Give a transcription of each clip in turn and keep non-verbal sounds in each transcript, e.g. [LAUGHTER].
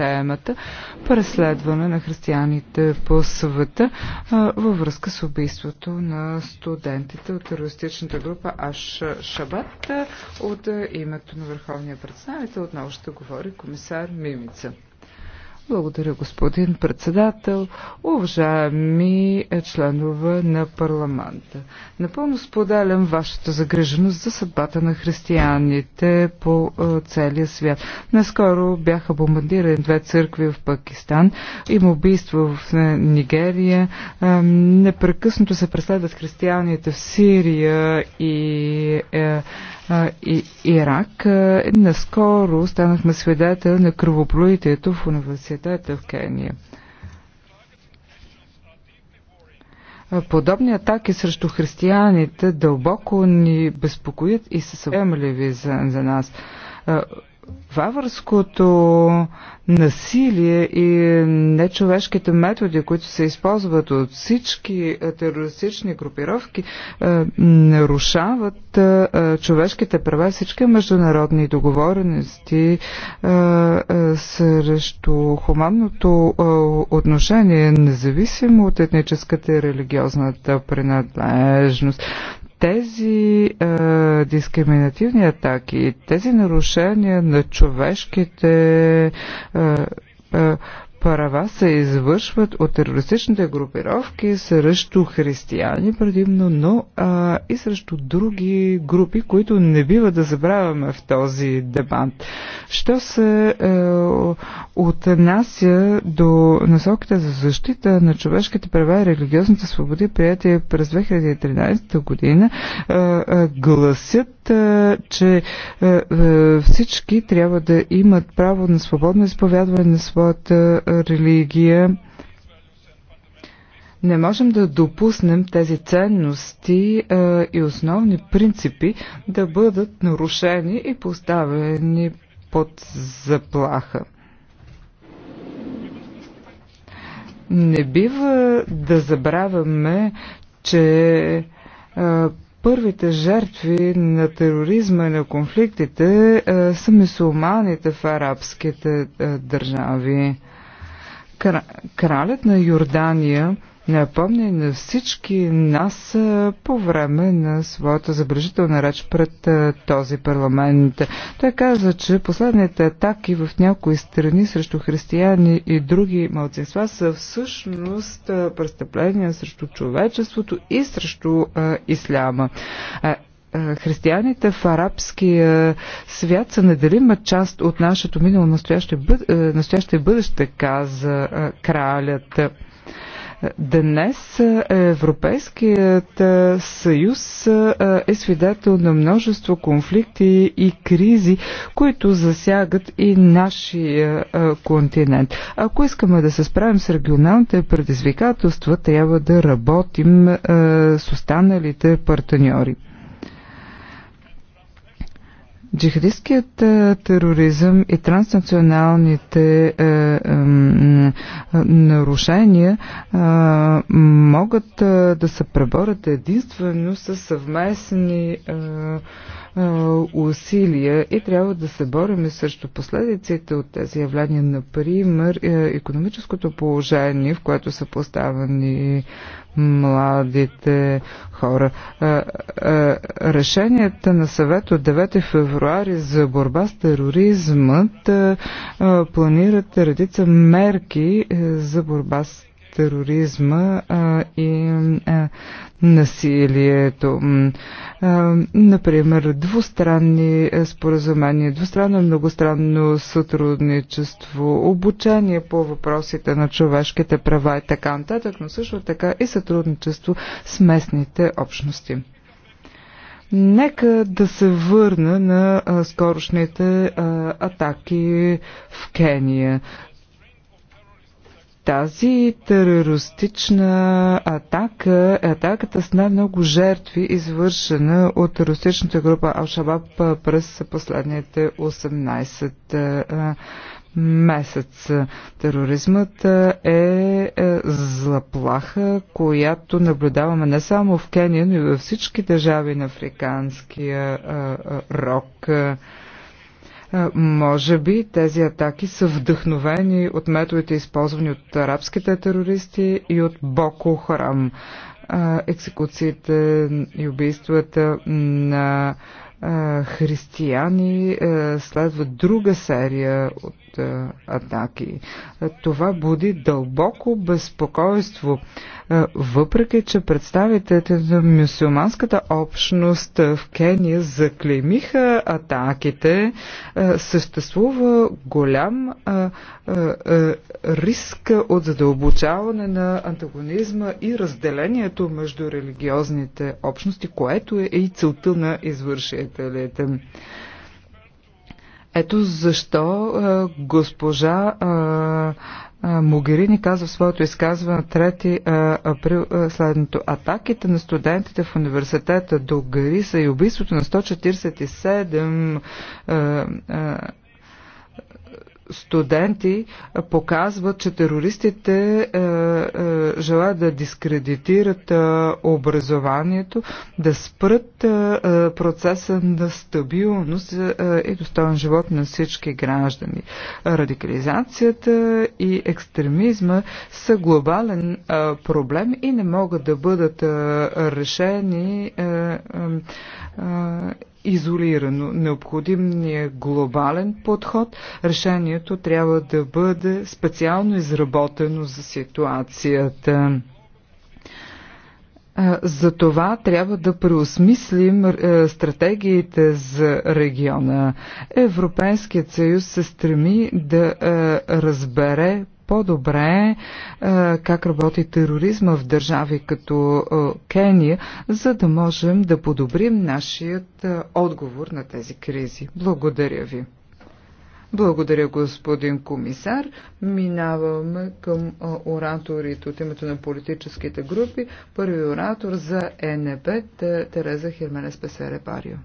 темата преследване на християните по света във връзка с убийството на студентите от терористичната група Аш Шабат от името на Върховния представител. Отново ще говори комисар Мимица. Благодаря, господин председател, уважаеми членове на парламента. Напълно споделям вашата загриженост за съдбата на християните по е, целия свят. Наскоро бяха бомбардирани две църкви в Пакистан, има убийство в е, Нигерия, е, непрекъснато се преследват християните в Сирия и и Ирак, наскоро станахме свидетел на кръвопролитието в университета в Кения. Подобни атаки срещу християните дълбоко ни безпокоят и са съвремливи за, за нас ваварското насилие и нечовешките методи, които се използват от всички е, терористични групировки, е, нарушават е, човешките права и всички международни договорености срещу хуманното отношение, независимо от етническата и религиозната принадлежност. Тези е, дискриминативни атаки, тези нарушения на човешките е, е, права се извършват от терористичните групировки срещу християни предимно, но а, и срещу други групи, които не бива да забравяме в този дебат. Що се е, отнася до насоките за защита на човешките права и религиозните свободи, прияти през 2013 година, е, е, гласят, е, че е, е, всички трябва да имат право на свободно изповядване на своята е, религия. Не можем да допуснем тези ценности а, и основни принципи да бъдат нарушени и поставени под заплаха. Не бива да забравяме, че а, първите жертви на тероризма и на конфликтите а, са мусулманите в арабските а, държави. Кралят на Йордания напомня на всички нас по време на своята забележителна реч пред този парламент. Той каза, че последните атаки в някои страни срещу християни и други младсинства са всъщност престъпления срещу човечеството и срещу а, исляма. А, е, християните в арабския свят са неделима част от нашето минало, настояще, е, настояще бъдеще, каза е, кралят. Днес Европейският съюз е свидетел на множество конфликти и кризи, които засягат и нашия континент. Ако искаме да се справим с регионалните предизвикателства, трябва да работим с останалите партньори. Джихадистският е, тероризъм и транснационалните е, е, е, нарушения е, могат е, да се преборят единствено с съвместни е, усилия и трябва да се борим срещу последиците от тези явления, например е, економическото положение, в което са поставени младите хора. Решенията на съвет от 9 февруари за борба с тероризмът планират редица мерки е, за борба с тероризма а, и а, насилието. А, например, двустранни споразумения, двустранно многостранно сътрудничество, обучение по въпросите на човешките права и така нататък, но също така и сътрудничество с местните общности. Нека да се върна на а, скорошните а, атаки в Кения. Тази терористична атака е атаката с най-много жертви, извършена от терористичната група Алшабаб през последните 18 месец. Тероризмът е, е заплаха, която наблюдаваме не само в Кения, но и във всички държави на африканския рок. Е, може би тези атаки са вдъхновени от методите, използвани от арабските терористи и от Боко Харам. Е, екзекуциите и убийствата на е, християни следва друга серия от атаки. Това буди дълбоко безпокойство, въпреки че представителите на мюсюлманската общност в Кения заклемиха атаките, съществува голям риск от задълбочаване на антагонизма и разделението между религиозните общности, което е и целта на извършителите. Ето защо е, госпожа е, е, Могерини каза в своето изказване на 3 април следното. Атаките на студентите в университета до Гариса и убийството на 147 студенти показват, че терористите е, е, желаят да дискредитират е, образованието, да спрат е, е процеса на стабилност е, е, и достоен живот на всички граждани. Радикализацията и екстремизма са глобален е, проблем и не могат да бъдат е, решени е, е, е изолирано. Необходим ни е глобален подход. Решението трябва да бъде специално изработено за ситуацията. За това трябва да преосмислим е, стратегиите за региона. Европейският съюз се стреми да е, разбере по-добре е, как работи тероризма в държави като е, Кения, за да можем да подобрим нашият е, отговор на тези кризи. Благодаря ви. Благодаря, господин комисар. Минаваме към ораторите от името на политическите групи. Първи оратор за ЕНП Тереза Хирменес Песере Парио.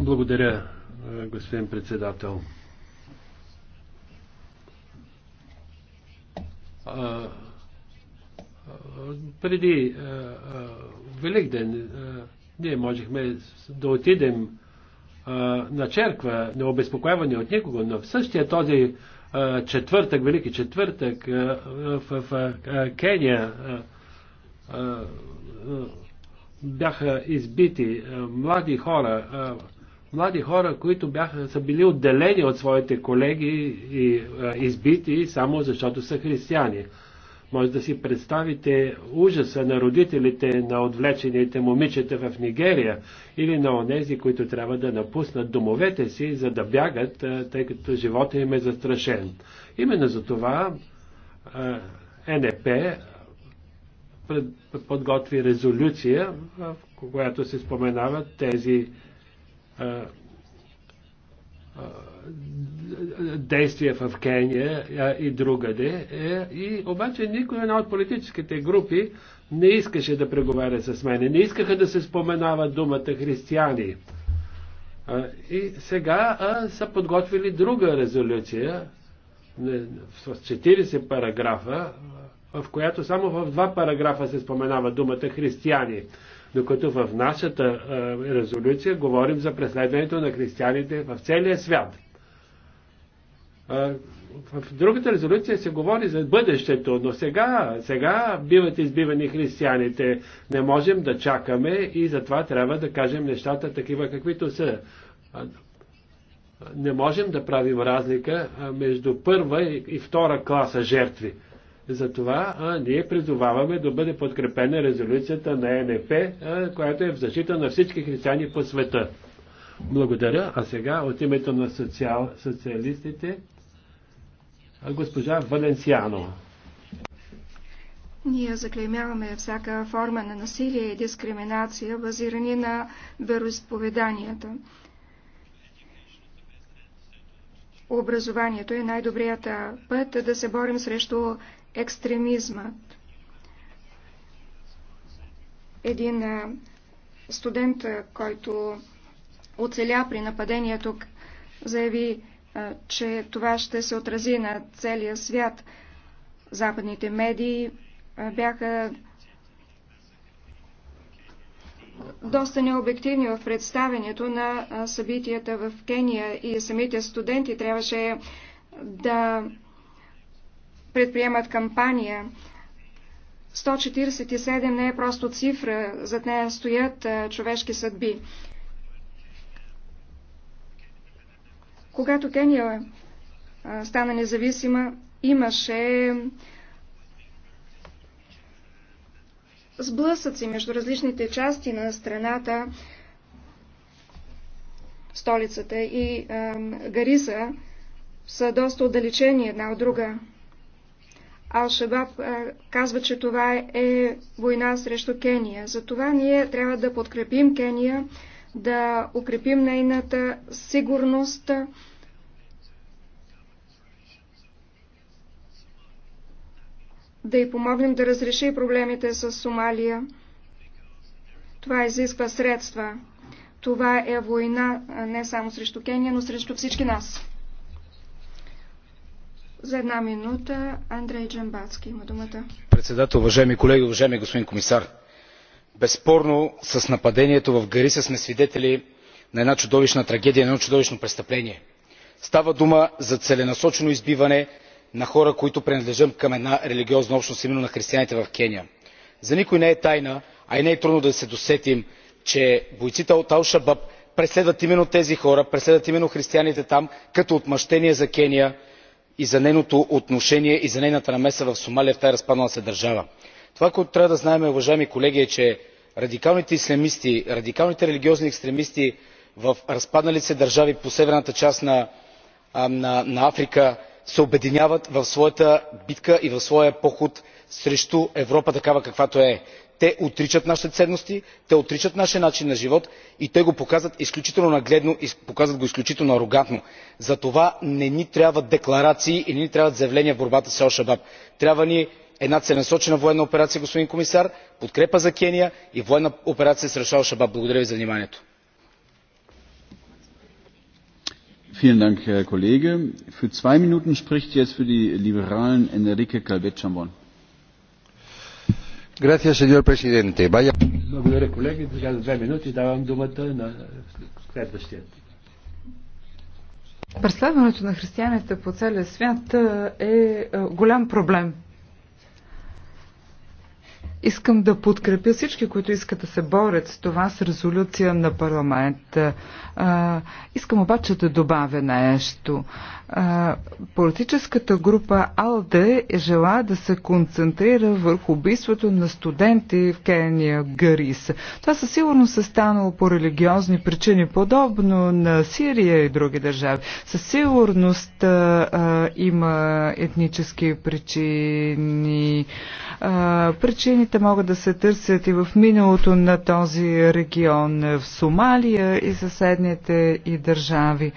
Благодаря, е, господин председател. А, е, е, преди а, а, Велик ден а, ние можехме да отидем а, на черква, не обезпокоявани от никого, но в същия този а, четвъртък, Велики четвъртък а, в, в а, Кения а, а, бяха избити а, млади хора. А, млади хора, които бяха, са били отделени от своите колеги и а, избити само защото са християни. Може да си представите ужаса на родителите на отвлечените момичета в Нигерия или на онези, които трябва да напуснат домовете си, за да бягат, тъй като живота им е застрашен. Именно за това НП подготви резолюция, в която се споменават тези действия в Кения и другаде. Е, и обаче никой една от политическите групи не искаше да преговаря с мене. Не искаха да се споменава думата християни. И сега а, са подготвили друга резолюция с 40 параграфа, в която само в два параграфа се споменава думата християни. Докато в нашата резолюция говорим за преследването на християните в целия свят. В другата резолюция се говори за бъдещето, но сега, сега биват избивани християните. Не можем да чакаме и затова трябва да кажем нещата такива каквито са. Не можем да правим разлика между първа и втора класа жертви. Затова а, ние призоваваме да бъде подкрепена резолюцията на НФ, а, която е в защита на всички християни по света. Благодаря. А сега от името на социал, социалистите госпожа Валенсиано. Ние заклеймяваме всяка форма на насилие и дискриминация, базирани на вероисповеданията. Образованието е най-добрият път да се борим срещу екстремизмът. Един студент, който оцеля при нападението, заяви, че това ще се отрази на целия свят. Западните медии бяха доста необективни в представенето на събитията в Кения и самите студенти трябваше да предприемат кампания. 147 не е просто цифра, зад нея стоят човешки съдби. Когато Кения стана независима, имаше сблъсъци между различните части на страната, столицата и Гариса са доста отдалечени една от друга. Алшабаб казва, че това е война срещу Кения. Затова ние трябва да подкрепим Кения, да укрепим нейната сигурност. да й помогнем да разреши проблемите с Сомалия. Това изисква средства. Това е война не само срещу Кения, но срещу всички нас. За една минута Андрей Джамбацки има думата. Председател, уважаеми колеги, уважаеми господин комисар. Безспорно с нападението в Гариса сме свидетели на една чудовищна трагедия, на едно чудовищно престъпление. Става дума за целенасочено избиване на хора, които принадлежат към една религиозна общност, именно на християните в Кения. За никой не е тайна, а и не е трудно да се досетим, че бойците от Алшабаб преследват именно тези хора, преследват именно християните там, като отмъщение за Кения и за нейното отношение и за нейната намеса в сомалия в тази разпаднала се държава. това което трябва да знаем уважаеми колеги е че радикалните ислямисти радикалните религиозни екстремисти в разпадналите се държави по северната част на африка се обединяват в своята битка и в своя поход срещу европа такава каквато е те отричат нашите ценности те отричат нашия начин на живот и те го показват изключително нагледно и показват го изключително арогантно. затова не ни трябват декларации и не ни трябват заявления в борбата с ал шабаб. трябва ни една целенасочена военна операция господин комисар подкрепа за кения и военна операция срещу ал шабаб. благодаря ви за вниманието. herr kollege! für zwei minuten spricht jetzt für die liberalen enrique calvet chambon. Благодаря, колеги. Сега за две минути давам думата на следващия. Преследването на християните по целия свят е, е, е голям проблем. Искам да подкрепя всички, които искат да се борят с това с резолюция на парламент. искам обаче да добавя нещо политическата група АЛДЕ е жела да се концентрира върху убийството на студенти в Кения Гарис. Това със сигурност е станало по религиозни причини, подобно на Сирия и други държави. Със сигурност а, а, има етнически причини. А, причините могат да се търсят и в миналото на този регион в Сомалия и съседните и държави.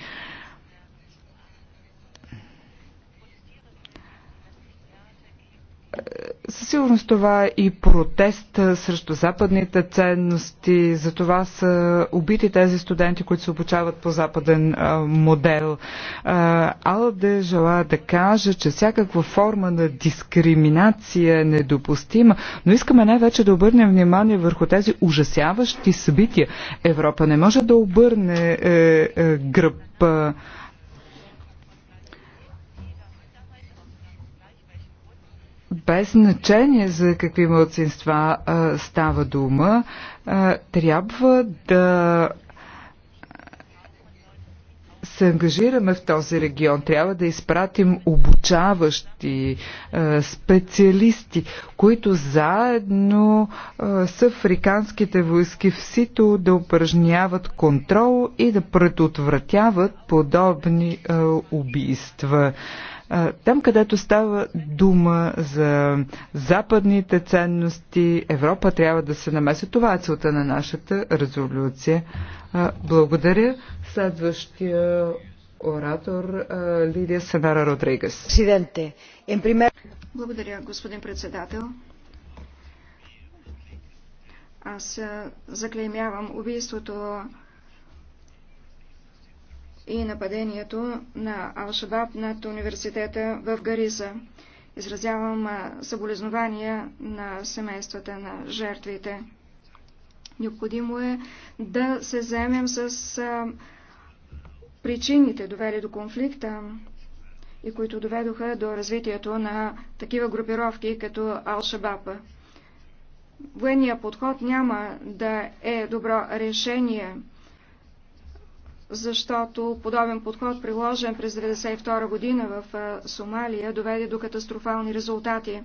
Със сигурност това е и протест срещу западните ценности. За това са убити тези студенти, които се обучават по западен а, модел. А, Алде желая да каже, че всякаква форма на дискриминация е недопустима, но искаме най-вече да обърнем внимание върху тези ужасяващи събития. Европа не може да обърне е, е, гръб. без значение за какви младсинства става дума, а, трябва да се ангажираме в този регион. Трябва да изпратим обучаващи специалисти, които заедно с африканските войски в Сито да упражняват контрол и да предотвратяват подобни убийства. Там, където става дума за западните ценности, Европа трябва да се намеси. Това е целта на нашата резолюция. Благодаря. Следващия оратор Лидия Сенара Родригес. Благодаря, господин председател. Аз заклеймявам убийството и нападението на Алшабаб над университета в Гариза. Изразявам съболезнования на семействата на жертвите. Необходимо е да се вземем с причините, довели до конфликта и които доведоха до развитието на такива групировки като Алшабаб. Военният подход няма да е добро решение защото подобен подход, приложен през 1992 година в Сомалия, доведе до катастрофални резултати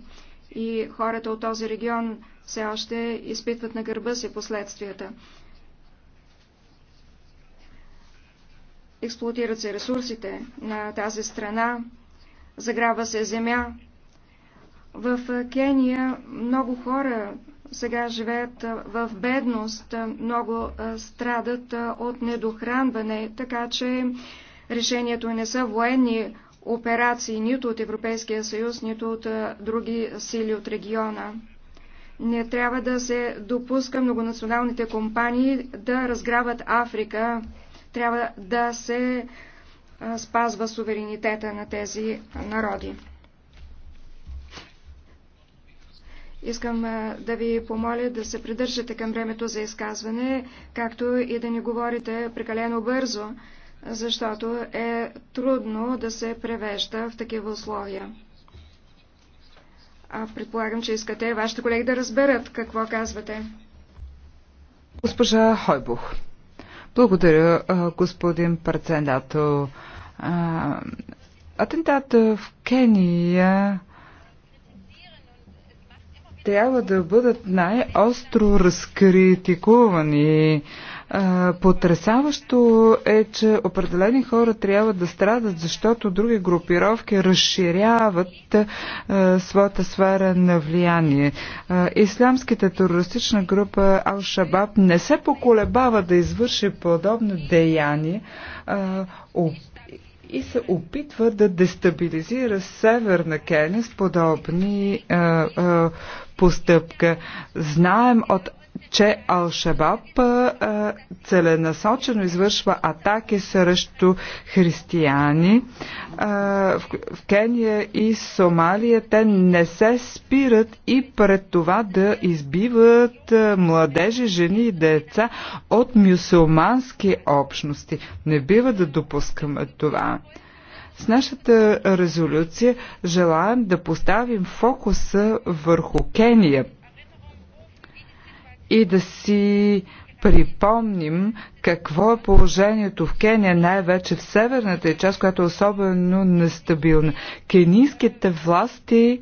и хората от този регион все още изпитват на гърба си последствията. Експлуатират се ресурсите на тази страна, заграва се земя. В Кения много хора сега живеят в бедност, много страдат от недохранване, така че решението е не са военни операции нито от Европейския съюз, нито от други сили от региона. Не трябва да се допуска многонационалните компании да разграбят Африка. Трябва да се спазва суверенитета на тези народи. Искам да ви помоля да се придържате към времето за изказване, както и да не говорите прекалено бързо, защото е трудно да се превежда в такива условия. А предполагам, че искате вашите колеги да разберат какво казвате. Госпожа Хойбух. Благодаря, господин председател. Атентат в Кения трябва да бъдат най-остро разкритикувани. Потрясаващо е, че определени хора трябва да страдат, защото други групировки разширяват своята сфера на влияние. исламските терористична група Ал-Шабаб не се поколебава да извърши подобно деяние, и се опитва да дестабилизира Северна Кения с подобни а, а, постъпка. Знаем от че Алшабаб целенасочено извършва атаки срещу християни. В Кения и Сомалия те не се спират и пред това да избиват младежи, жени и деца от мюсулмански общности. Не бива да допускаме това. С нашата резолюция желаем да поставим фокуса върху Кения – и да си припомним какво е положението в Кения, най-вече в северната част, която е особено нестабилна. Кенийските власти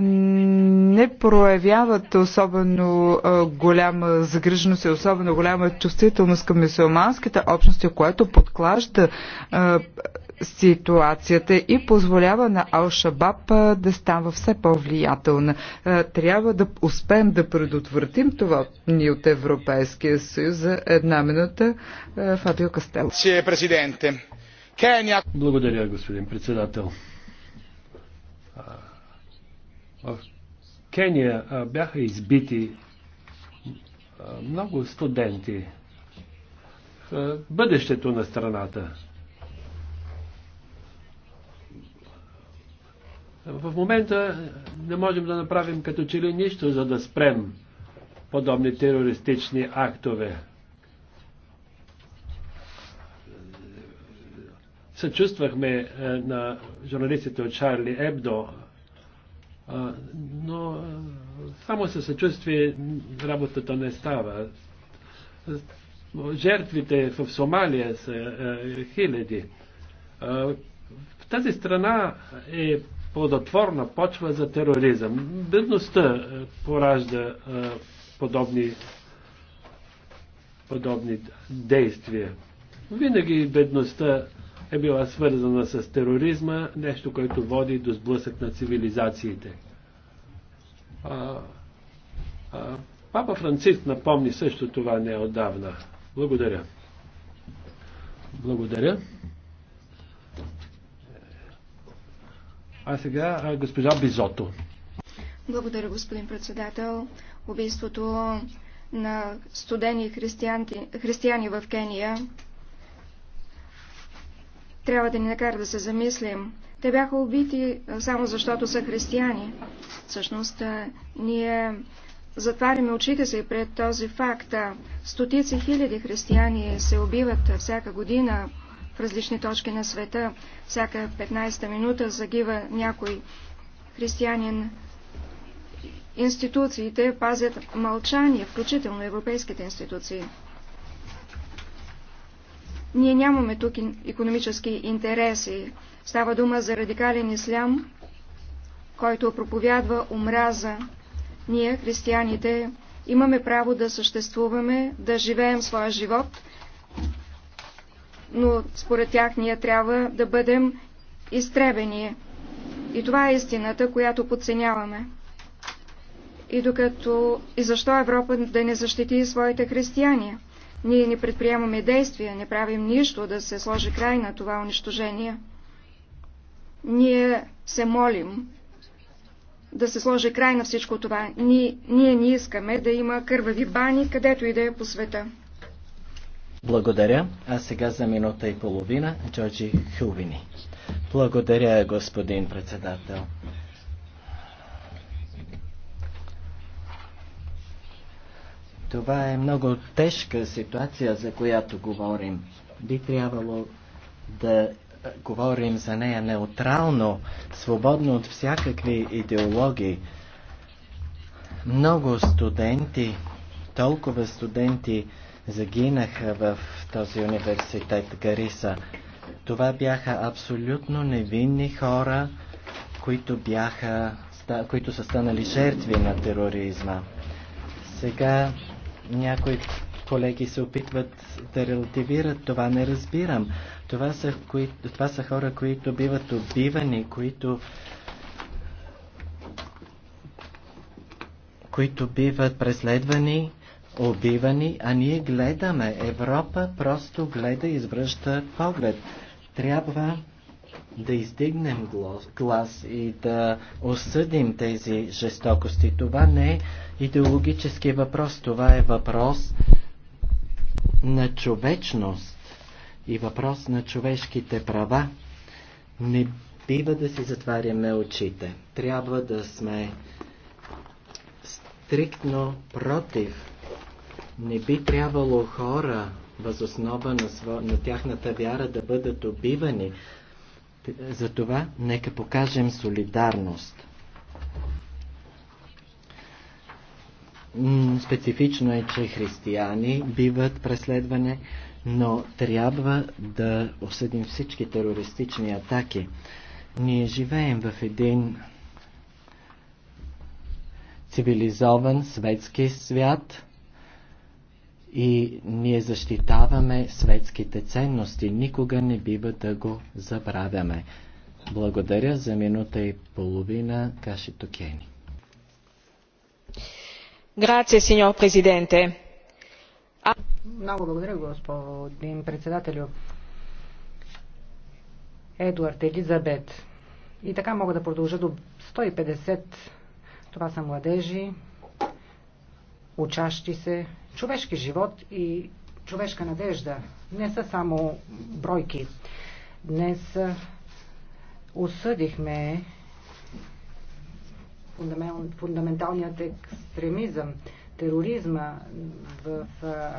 не проявяват особено голяма загриженост и особено голяма чувствителност към мусулманските общности, което подклажда ситуацията и позволява на Алшабаб да става все по-влиятелна. Трябва да успеем да предотвратим това ни от Европейския съюз за една минута. Фабио Кастел. Благодаря, господин председател. В Кения бяха избити много студенти. Бъдещето на страната. В момента не можем да направим като че ли нищо, за да спрем подобни терористични актове. Съчувствахме е, на журналистите от Чарли Ебдо, е, но е, само със съчувствие работата не става. Жертвите в Сомалия са хиляди. В тази страна е плодотворна почва за тероризъм. Бедността е, поражда е, подобни, подобни действия. Винаги бедността е била свързана с тероризма, нещо, което води до сблъсък на цивилизациите. А, а, Папа Франциск напомни също това неодавна. Благодаря. Благодаря. А сега госпожа Бизото. Благодаря, господин председател. Убийството на студени християни, християни в Кения трябва да ни накара да се замислим. Те бяха убити само защото са християни. Всъщност, ние затваряме очите си пред този факт. Стотици хиляди християни се убиват всяка година в различни точки на света. Всяка 15-та минута загива някой християнин. Институциите пазят мълчание, включително европейските институции. Ние нямаме тук економически интереси. Става дума за радикален ислям, който проповядва омраза. Ние, християните, имаме право да съществуваме, да живеем своя живот но според тях ние трябва да бъдем изтребени. И това е истината, която подценяваме. И докато и защо Европа да не защити своите християни? Ние не предприемаме действия, не правим нищо да се сложи край на това унищожение. Ние се молим да се сложи край на всичко това. Ние, ние не искаме да има кървави бани, където и да е по света. Благодаря. А сега за минута и половина Джорджи Хубини. Благодаря, господин председател. Това е много тежка ситуация, за която говорим. Би трябвало да говорим за нея неутрално, свободно от всякакви идеологии. Много студенти, толкова студенти, загинаха в този университет Гариса. Това бяха абсолютно невинни хора, които, бяха, които са станали жертви на тероризма. Сега някои колеги се опитват да релативират това, не разбирам. Това са, кои, това са хора, които биват убивани, които, които биват преследвани убивани, а ние гледаме. Европа просто гледа и извръща поглед. Трябва да издигнем глас и да осъдим тези жестокости. Това не е идеологически въпрос, това е въпрос на човечност и въпрос на човешките права. Не бива да си затваряме очите. Трябва да сме стриктно против не би трябвало хора, възоснова на, сво... на тяхната вяра, да бъдат убивани. Затова нека покажем солидарност. Специфично е, че християни биват преследване, но трябва да осъдим всички терористични атаки. Ние живеем в един цивилизован светски свят, и ние защитаваме светските ценности. Никога не бива да го забравяме. Благодаря за минута и половина, Кашито Кени. Грация, сеньор президенте. Много благодаря, господин председателю. Едуард Елизабет. И така мога да продължа до 150. Това са младежи, учащи се Човешки живот и човешка надежда не са само бройки. Днес осъдихме фундаменталният екстремизъм, тероризма в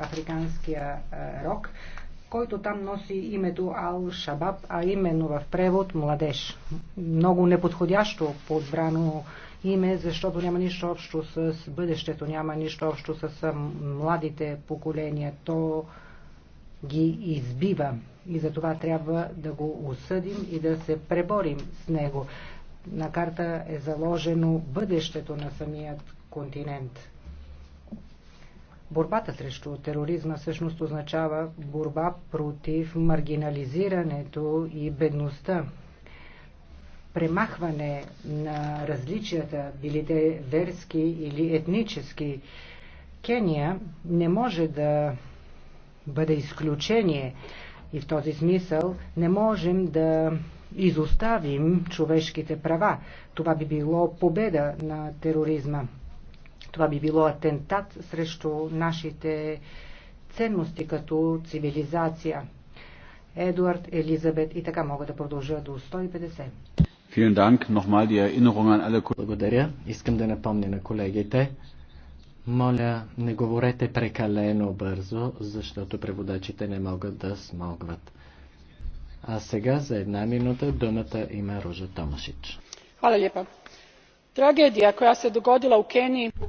африканския рок, който там носи името Ал-Шабаб, а именно в превод младеж. Много неподходящо подбрано име, защото няма нищо общо с бъдещето, няма нищо общо с младите поколения. То ги избива и за това трябва да го осъдим и да се преборим с него. На карта е заложено бъдещето на самият континент. Борбата срещу тероризма всъщност означава борба против маргинализирането и бедността премахване на различията, били те верски или етнически. Кения не може да бъде изключение и в този смисъл не можем да изоставим човешките права. Това би било победа на тероризма. Това би било атентат срещу нашите ценности като цивилизация. Едуард, Елизабет и така мога да продължа до 150. Благодаря. Искам да напомня на колегите. Моля, не говорете прекалено бързо, защото преводачите не могат да смогват. А сега за една минута думата има Ружа Томашич.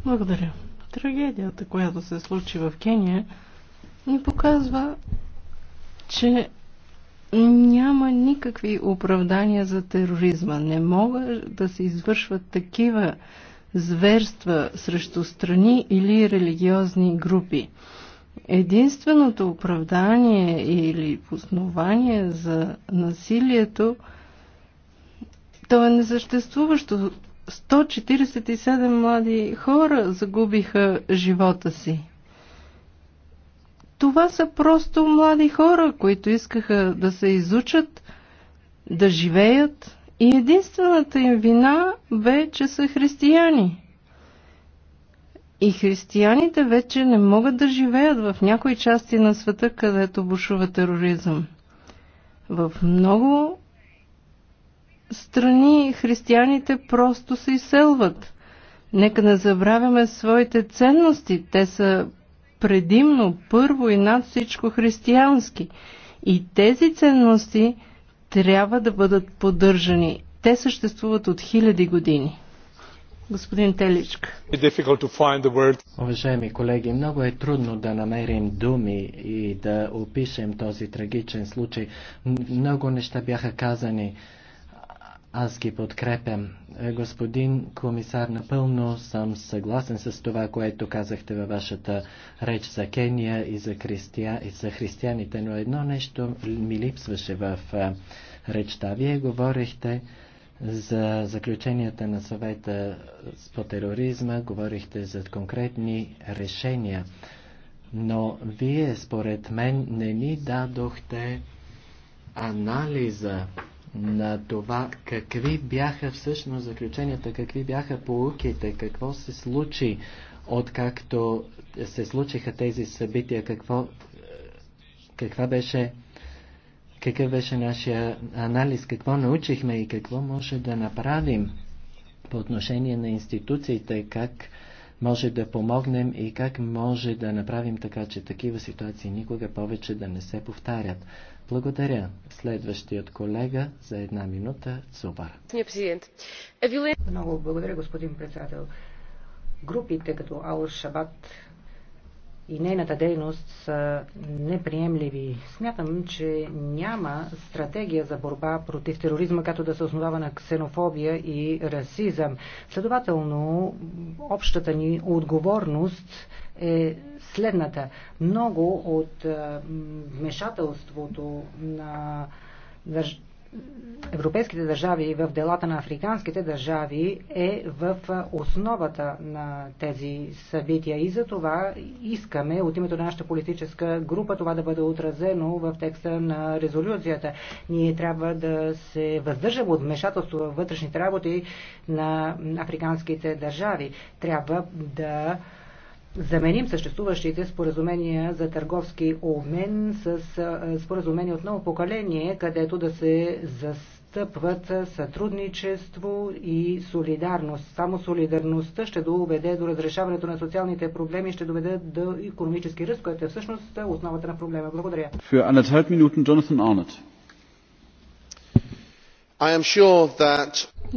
Благодаря. Трагедията, която се случи в Кения, ни показва, че няма никакви оправдания за тероризма. Не могат да се извършват такива зверства срещу страни или религиозни групи. Единственото оправдание или основание за насилието, то е несъществуващо. 147 млади хора загубиха живота си. Това са просто млади хора, които искаха да се изучат, да живеят и единствената им вина бе, че са християни. И християните вече не могат да живеят в някои части на света, където бушува тероризъм. В много страни християните просто се изселват. Нека не забравяме своите ценности. Те са предимно, първо и над всичко християнски. И тези ценности трябва да бъдат поддържани. Те съществуват от хиляди години. Господин Теличка. Уважаеми колеги, много е трудно да намерим думи и да опишем този трагичен случай. Много неща бяха казани. Аз ги подкрепям. Е, господин комисар, напълно съм съгласен с това, което казахте във вашата реч за Кения и за, христия, и за християните, но едно нещо ми липсваше в е, речта. Вие говорихте за заключенията на съвета по тероризма, говорихте за конкретни решения, но вие според мен не ни дадохте анализа на това какви бяха всъщност заключенията, какви бяха поуките, какво се случи откакто се случиха тези събития, какво, каква беше, какъв беше нашия анализ, какво научихме и какво може да направим по отношение на институциите, как може да помогнем и как може да направим така, че такива ситуации никога повече да не се повтарят. Благодаря. Следващият колега за една минута Цубар. Е Много благодаря, господин председател. Групите като Ал Шабат и нейната дейност са неприемливи. Смятам, че няма стратегия за борба против тероризма, като да се основава на ксенофобия и расизъм. Следователно, общата ни отговорност е следната. Много от вмешателството на държ... европейските държави в делата на африканските държави е в основата на тези събития и за това искаме от името на нашата политическа група това да бъде отразено в текста на резолюцията. Ние трябва да се въздържаме от вмешателство в вътрешните работи на африканските държави. Трябва да заменим съществуващите споразумения за търговски обмен с споразумения от ново поколение, където да се застъпват сътрудничество и солидарност. Само солидарността ще доведе до разрешаването на социалните проблеми, ще доведе до економически ръст, което е всъщност основата на проблема. Благодаря.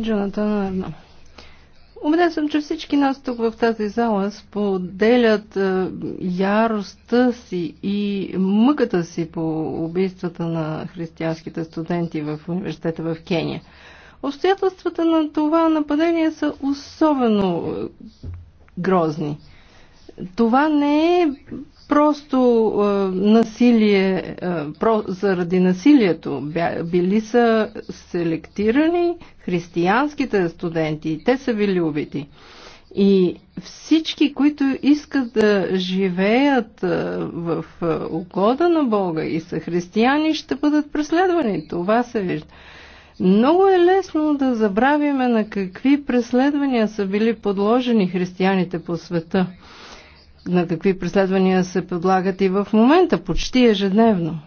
Джонатан Арнат. Убеден съм, че всички нас тук в тази зала споделят е, яростта си и мъката си по убийствата на християнските студенти в университета в Кения. Обстоятелствата на това нападение са особено е, грозни. Това не е просто е, насилие, е, про, заради насилието. Бя, били са селектирани християнските студенти. Те са били убити. И всички, които искат да живеят е, в е, угода на Бога и са християни, ще бъдат преследвани. Това се вижда. Много е лесно да забравиме на какви преследвания са били подложени християните по света на какви преследвания се подлагат и в момента, почти ежедневно.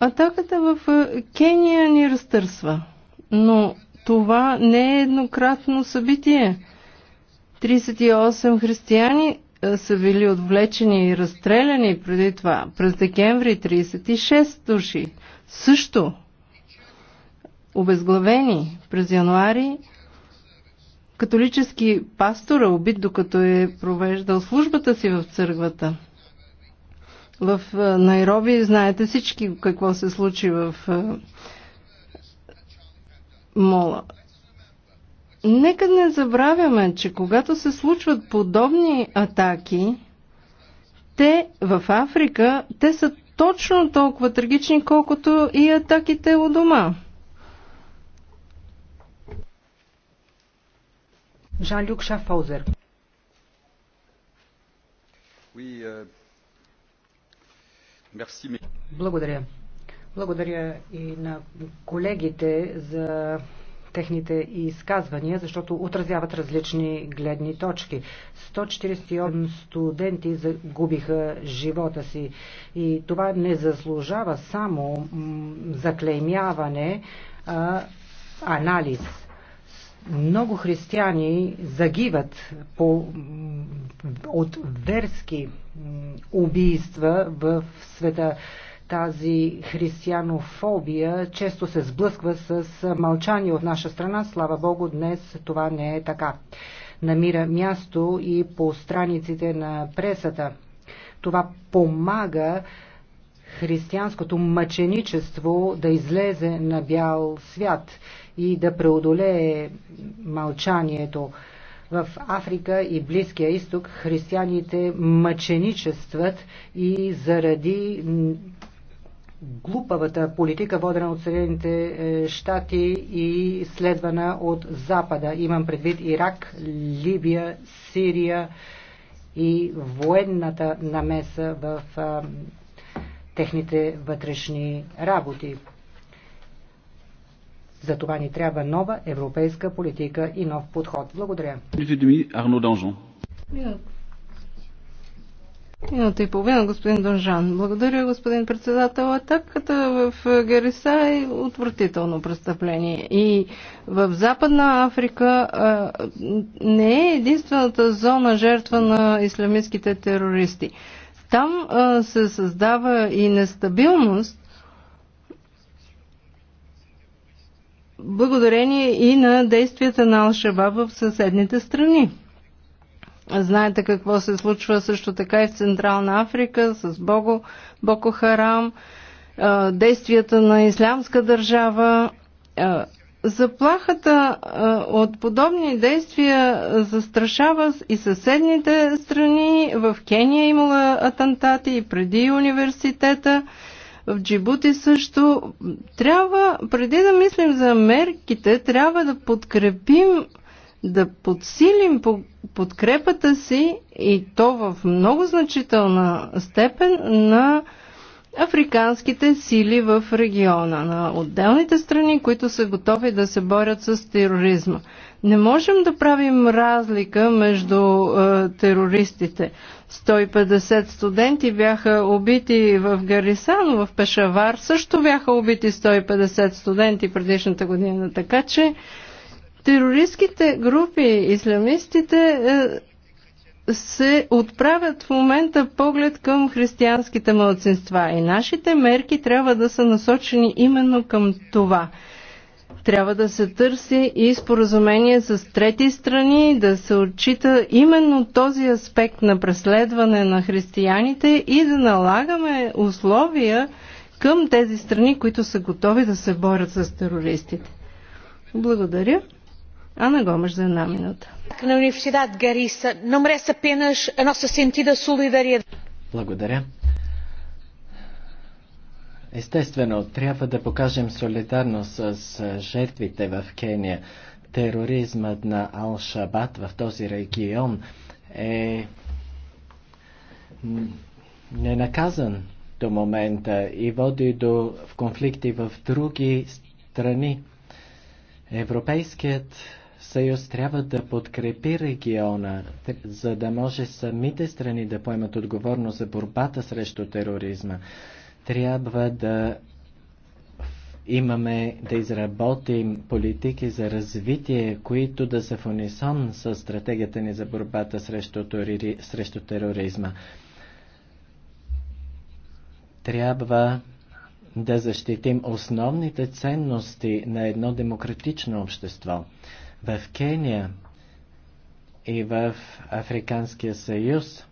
Атаката в е, Кения ни разтърсва, но това не е еднократно събитие. 38 християни е, са били отвлечени и разстреляни преди това. През декември 36 души също обезглавени. През януари католически пастор е убит, докато е провеждал службата си в църквата. В Найроби знаете всички какво се случи в мола. Нека не забравяме, че когато се случват подобни атаки, те в Африка, те са точно толкова трагични, колкото и атаките у дома. Jean-Luc Schaffhauser. Euh, Благодаря. Благодаря и на колегите за техните изказвания, защото отразяват различни гледни точки. 148 студенти загубиха живота си и това не заслужава само заклеймяване, а анализ. Много християни загиват по, от верски убийства в света тази християнофобия често се сблъсква с мълчание от наша страна. Слава Богу, днес това не е така. Намира място и по страниците на пресата. Това помага християнското мъченичество да излезе на бял свят и да преодолее мълчанието. В Африка и Близкия изток християните мъченичестват и заради глупавата политика, водена от Съединените е, щати и следвана от Запада. Имам предвид Ирак, Либия, Сирия и военната намеса в а, техните вътрешни работи. За това ни трябва нова европейска политика и нов подход. Благодаря. Минута и половина, господин Донжан. Благодаря, господин председател. Атаката в Гариса е отвратително престъпление. И в Западна Африка а, не е единствената зона жертва на исламистските терористи. Там а, се създава и нестабилност, благодарение и на действията на Алшаба в съседните страни. Знаете какво се случва също така и в Централна Африка с Бого, Боко Харам, действията на Ислямска държава. Заплахата от подобни действия застрашава и съседните страни. В Кения е имала атентати и преди университета в Джибути също. Трябва, преди да мислим за мерките, трябва да подкрепим, да подсилим подкрепата си и то в много значителна степен на африканските сили в региона, на отделните страни, които са готови да се борят с тероризма. Не можем да правим разлика между е, терористите. 150 студенти бяха убити в Гарисан, в Пешавар. Също бяха убити 150 студенти предишната година. Така че терористските групи, исламистите е, се отправят в момента поглед към християнските младсинства и нашите мерки трябва да са насочени именно към това – трябва да се търси и споразумение с трети страни, да се отчита именно този аспект на преследване на християните и да налагаме условия към тези страни, които са готови да се борят с терористите. Благодаря. Ана Gomes, за една минута. На Университет Гариса, não merece Благодаря. Естествено, трябва да покажем солидарност с жертвите в Кения. Тероризмът на Ал-Шабат в този регион е ненаказан до момента и води до в конфликти в други страни. Европейският съюз трябва да подкрепи региона, за да може самите страни да поемат отговорност за борбата срещу тероризма. Трябва да имаме да изработим политики за развитие, които да са в унисон с стратегията ни за борбата срещу, тори... срещу тероризма. Трябва да защитим основните ценности на едно демократично общество. В Кения и в Африканския съюз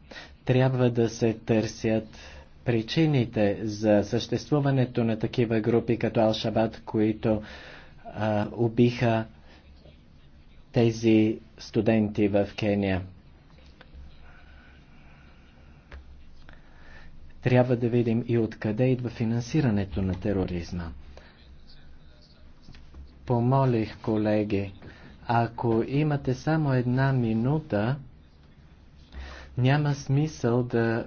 трябва да се търсят причините за съществуването на такива групи като Ал-Шабад, които а, убиха тези студенти в Кения. Трябва да видим и откъде идва финансирането на тероризма. Помолих, колеги, ако имате само една минута, няма смисъл да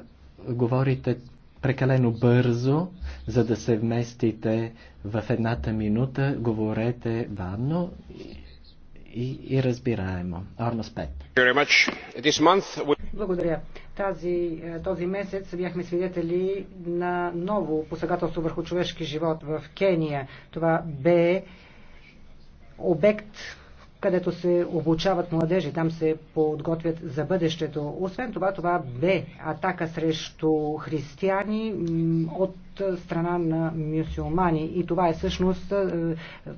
говорите прекалено бързо, за да се вместите в едната минута. Говорете бавно и, и разбираемо. Ормас 5. Благодаря. Тази, е, този месец бяхме свидетели на ново посегателство върху човешки живот в Кения. Това бе обект където се обучават младежи, там се подготвят за бъдещето. Освен това, това бе атака срещу християни от страна на мюсюлмани и това е всъщност е,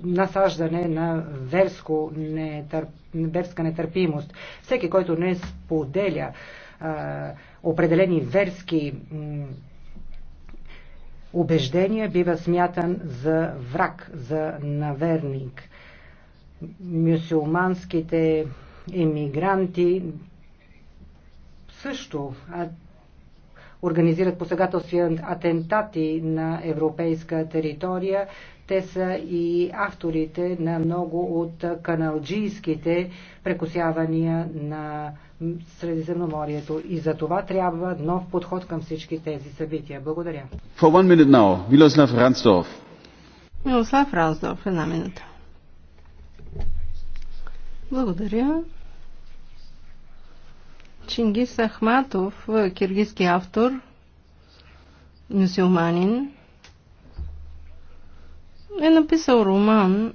насаждане на верско нетърп... верска нетърпимост. Всеки, който не споделя е, определени верски убеждения, бива смятан за враг, за наверник мюсюлманските емигранти също организират посегателствия атентати на европейска територия. Те са и авторите на много от каналджийските прекусявания на Средиземноморието. И за това трябва нов подход към всички тези събития. Благодаря. For one minute now, Милослав Раздорф, една минута. Благодаря. Чингис Ахматов, киргизски автор, мюсюлманин, е написал роман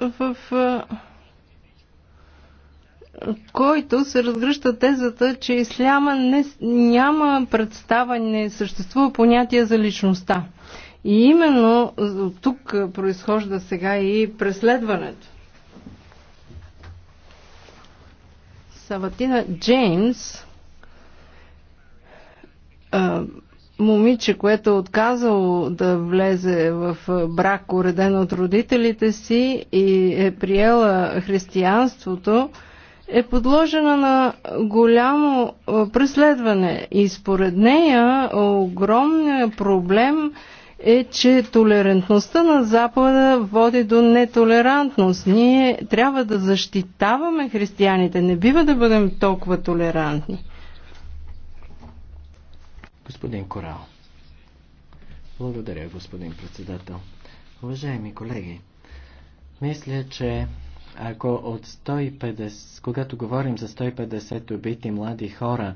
в който се разгръща тезата, че исляма не, няма представа, не съществува понятие за личността. И именно тук произхожда сега и преследването. Саватина Джеймс, момиче, което е отказало да влезе в брак, уреден от родителите си и е приела християнството, е подложена на голямо преследване и според нея огромният проблем е, че толерантността на Запада води до нетолерантност. Ние трябва да защитаваме християните, не бива да бъдем толкова толерантни. Господин Корал. Благодаря, господин председател. Уважаеми колеги, мисля, че ако от 150, когато говорим за 150 убити млади хора,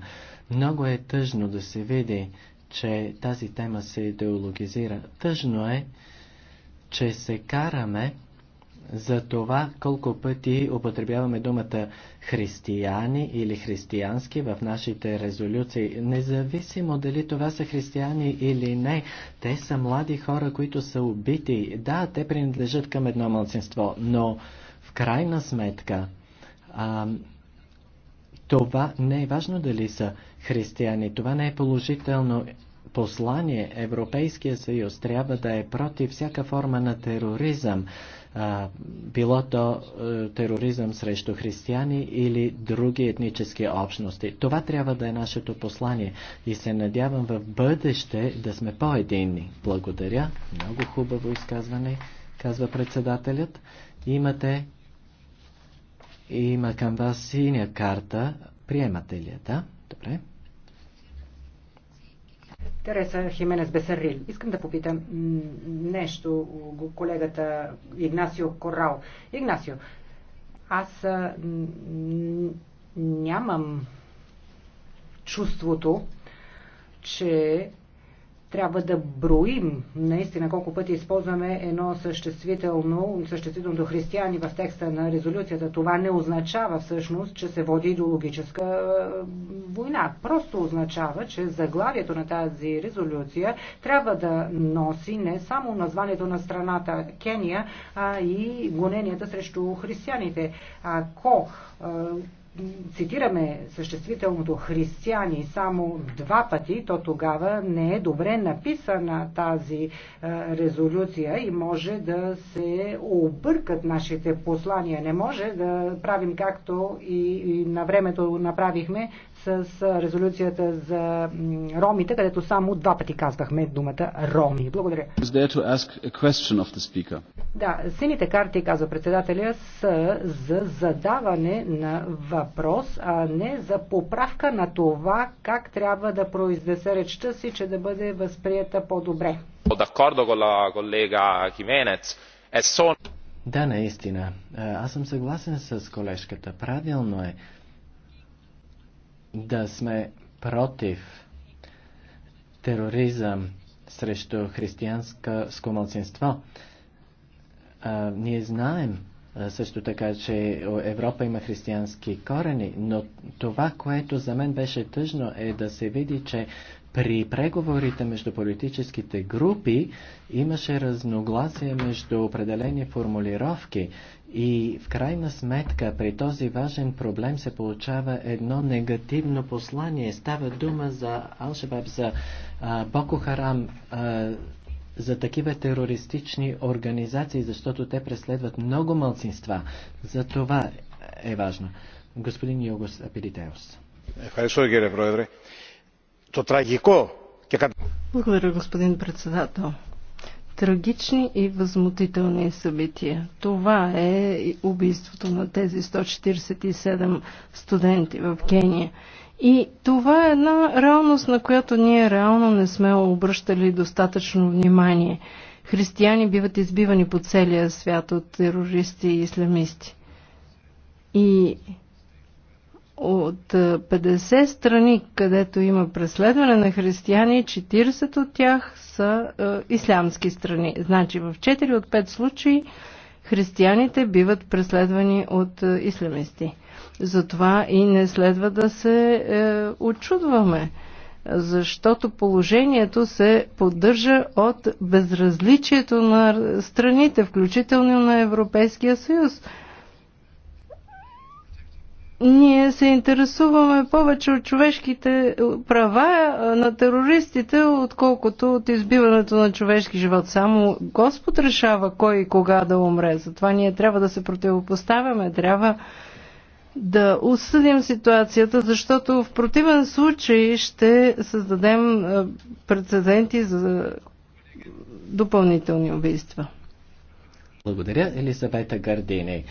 много е тъжно да се види, че тази тема се идеологизира. Тъжно е, че се караме за това колко пъти употребяваме думата християни или християнски в нашите резолюции. Независимо дали това са християни или не, те са млади хора, които са убити. Да, те принадлежат към едно мълцинство, но крайна сметка, а, това не е важно дали са християни, това не е положително послание. Европейския съюз трябва да е против всяка форма на тероризъм, а, било то а, е, тероризъм срещу християни или други етнически общности. Това трябва да е нашето послание и се надявам в бъдеще да сме по-единни. Благодаря. Много хубаво изказване, казва председателят. Имате има към вас синя карта. Приемате ли я? Да? Добре. Тереса Хименес Бесарил. Искам да попитам нещо колегата Игнасио Корал. Игнасио, аз нямам чувството, че трябва да броим наистина колко пъти използваме едно съществително, съществителното християни в текста на резолюцията. Това не означава всъщност, че се води идеологическа е, война. Просто означава, че заглавието на тази резолюция трябва да носи не само названието на страната Кения, а и гоненията срещу християните. Ако е, цитираме съществителното християни само два пъти, то тогава не е добре написана тази е, резолюция и може да се объркат нашите послания. Не може да правим както и на времето направихме с резолюцията за ромите, където само два пъти казвахме думата роми. Благодаря. Да, сините карти, казва председателя, са за задаване на въпроси въпрос, а не за поправка на това как трябва да произнесе речта си, че да бъде възприета по-добре. Да, наистина. Е, аз съм съгласен с колежката. Правилно е да сме против тероризъм срещу християнско мълцинство. Е, ние знаем, също така, че Европа има християнски корени, но това, което за мен беше тъжно, е да се види, че при преговорите между политическите групи имаше разногласие между определени формулировки и в крайна сметка при този важен проблем се получава едно негативно послание. Става дума за Алшебаб, за а, Боко Харам, а, за такива терористични организации, защото те преследват много мълцинства. За това е важно. Господин Йогос Апилитеус. Благодаря, господин председател. Трагични и възмутителни събития. Това е убийството на тези 147 студенти в Кения. И това е една реалност, на която ние реално не сме обръщали достатъчно внимание. Християни биват избивани по целия свят от терористи и исламисти. И от 50 страни, където има преследване на християни, 40 от тях са е, ислямски страни. Значи в 4 от 5 случаи християните биват преследвани от е, исламисти. Затова и не следва да се е, очудваме, защото положението се поддържа от безразличието на страните, включително на Европейския съюз. Ние се интересуваме повече от човешките права е, на терористите, отколкото от избиването на човешки живот. Само Господ решава кой и кога да умре. Затова ние трябва да се противопоставяме, трябва да осъдим ситуацията, защото в противен случай ще създадем е, прецеденти за допълнителни убийства. Благодаря, Елизабета Гардини.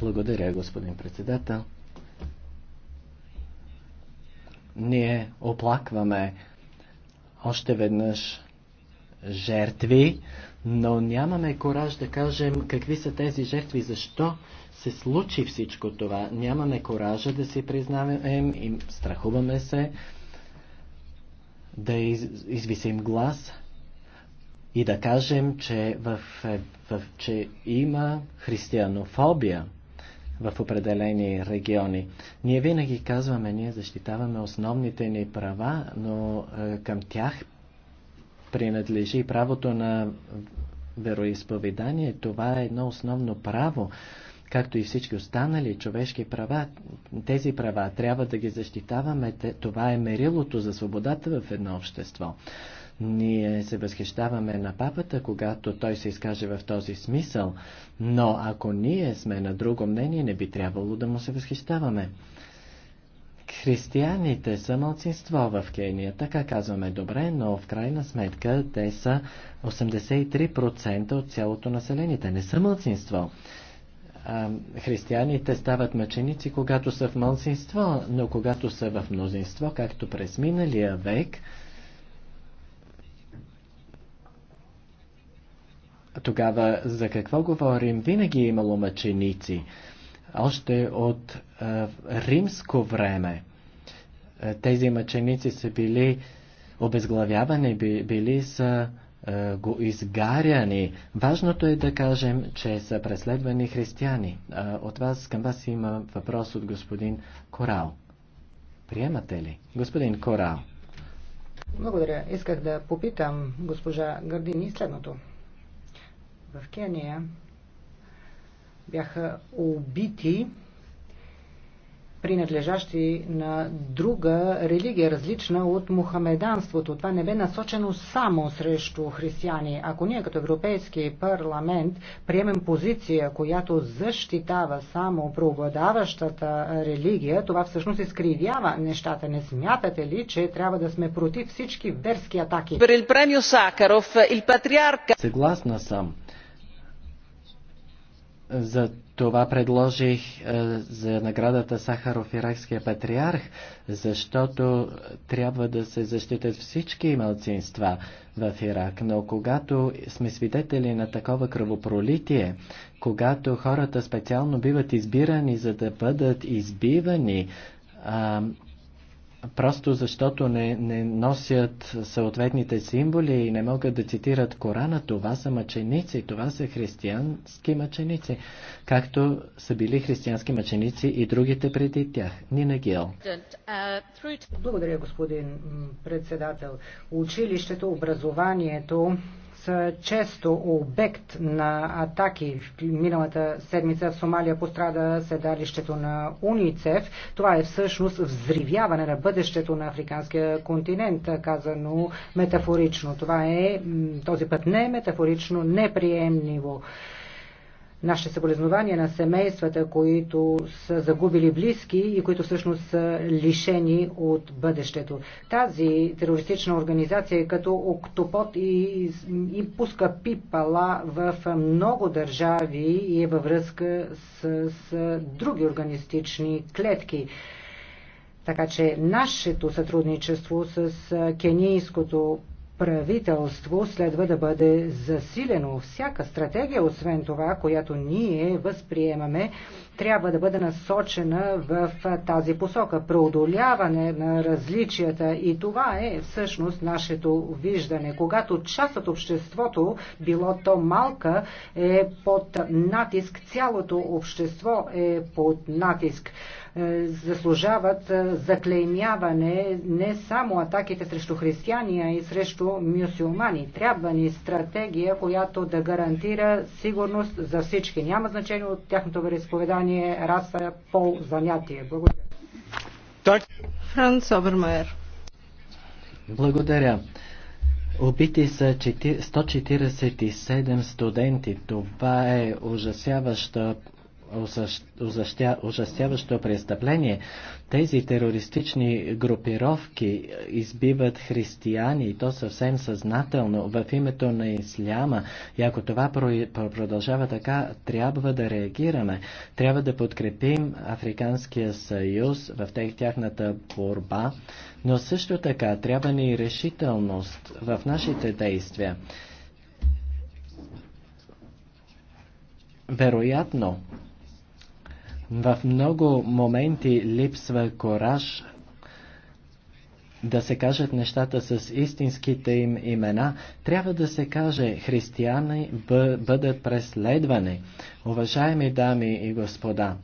Благодаря, господин председател. Ние оплакваме още веднъж жертви но нямаме кораж да кажем какви са тези жертви, защо се случи всичко това. Нямаме коража да си признаем и страхуваме се да из, извисим глас и да кажем, че, в, е, в, че има християнофобия в определени региони. Ние винаги казваме, ние защитаваме основните ни права, но е, към тях принадлежи правото на вероисповедание. Това е едно основно право, както и всички останали човешки права. Тези права трябва да ги защитаваме. Това е мерилото за свободата в едно общество. Ние се възхищаваме на папата, когато той се изкаже в този смисъл, но ако ние сме на друго мнение, не би трябвало да му се възхищаваме. Християните са мълцинство в Кения, така казваме добре, но в крайна сметка те са 83% от цялото население. Те не са мълцинство. Християните стават мъченици, когато са в мълцинство, но когато са в мнозинство, както през миналия век, тогава за какво говорим? Винаги е имало мъченици. Още от е, римско време е, тези мъченици са били обезглавявани, били са е, го изгаряни. Важното е да кажем, че са преследвани християни. От вас към вас има въпрос от господин Корал. Приемате ли? Господин Корал. Благодаря. Исках да попитам госпожа Гърдини следното. В Кения бяха убити принадлежащи на друга религия, различна от мухамеданството. Това не бе насочено само срещу християни. Ако ние като Европейски парламент приемем позиция, която защитава само преобладаващата религия, това всъщност изкривява нещата. Не смятате ли, че трябва да сме против всички верски атаки? Съгласна съм. За това предложих е, за наградата Сахаров иракския патриарх, защото трябва да се защитят всички малцинства в Ирак. Но когато сме свидетели на такова кръвопролитие, когато хората специално биват избирани, за да бъдат избивани, просто защото не, не носят съответните символи и не могат да цитират Корана, това са мъченици, това са християнски мъченици, както са били християнски мъченици и другите преди тях. Нина Гил. Благодаря, господин председател. Училището, образованието често обект на атаки. Миналата седмица в Сомалия пострада седалището на УНИЦЕФ. Това е всъщност взривяване на бъдещето на африканския континент, казано метафорично. Това е този път не е метафорично, неприемливо. Нашите съболезнования на семействата, които са загубили близки и които всъщност са лишени от бъдещето. Тази терористична организация е като октопот и, и пуска пипала в много държави и е във връзка с, с други органистични клетки. Така че нашето сътрудничество с кенийското правителство следва да бъде засилено. Всяка стратегия, освен това, която ние възприемаме, трябва да бъде насочена в тази посока. Преодоляване на различията и това е всъщност нашето виждане. Когато част от обществото, било то малка, е под натиск, цялото общество е под натиск. Е, заслужават е, заклеймяване не само атаките срещу християни, а и срещу мюсюлмани. Трябва ни стратегия, която да гарантира сигурност за всички. Няма значение от тяхното вероисповедание, раса, пол, занятие. Благодаря. Так. Франц Обермайер. Благодаря. Убити са 147 студенти. Това е ужасяваща ужасяващо престъпление. Тези терористични групировки избиват християни и то съвсем съзнателно в името на исляма. И ако това продължава така, трябва да реагираме. Трябва да подкрепим Африканския съюз в тяхната борба, но също така трябва ни и решителност в нашите действия. Вероятно, в много моменти липсва кораж да се кажат нещата с истинските им имена, трябва да се каже християни бъдат преследвани. Уважаеми дами и господа,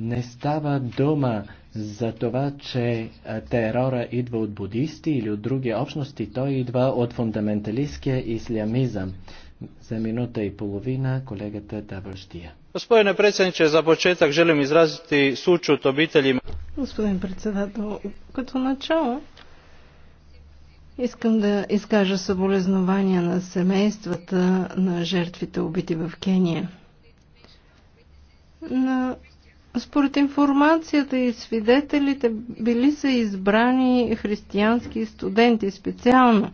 не става дума за това, че терора идва от будисти или от други общности, той идва от фундаменталистския ислямизъм. За минута и половина колегата Даващия. Gospodine predsjedniče, за почетък желим изразити сучут obiteljima. Господин председател, като начало искам да изкажа съболезнования на семействата на жертвите убити в Кения. На според информацията и свидетелите били са избрани християнски студенти специално.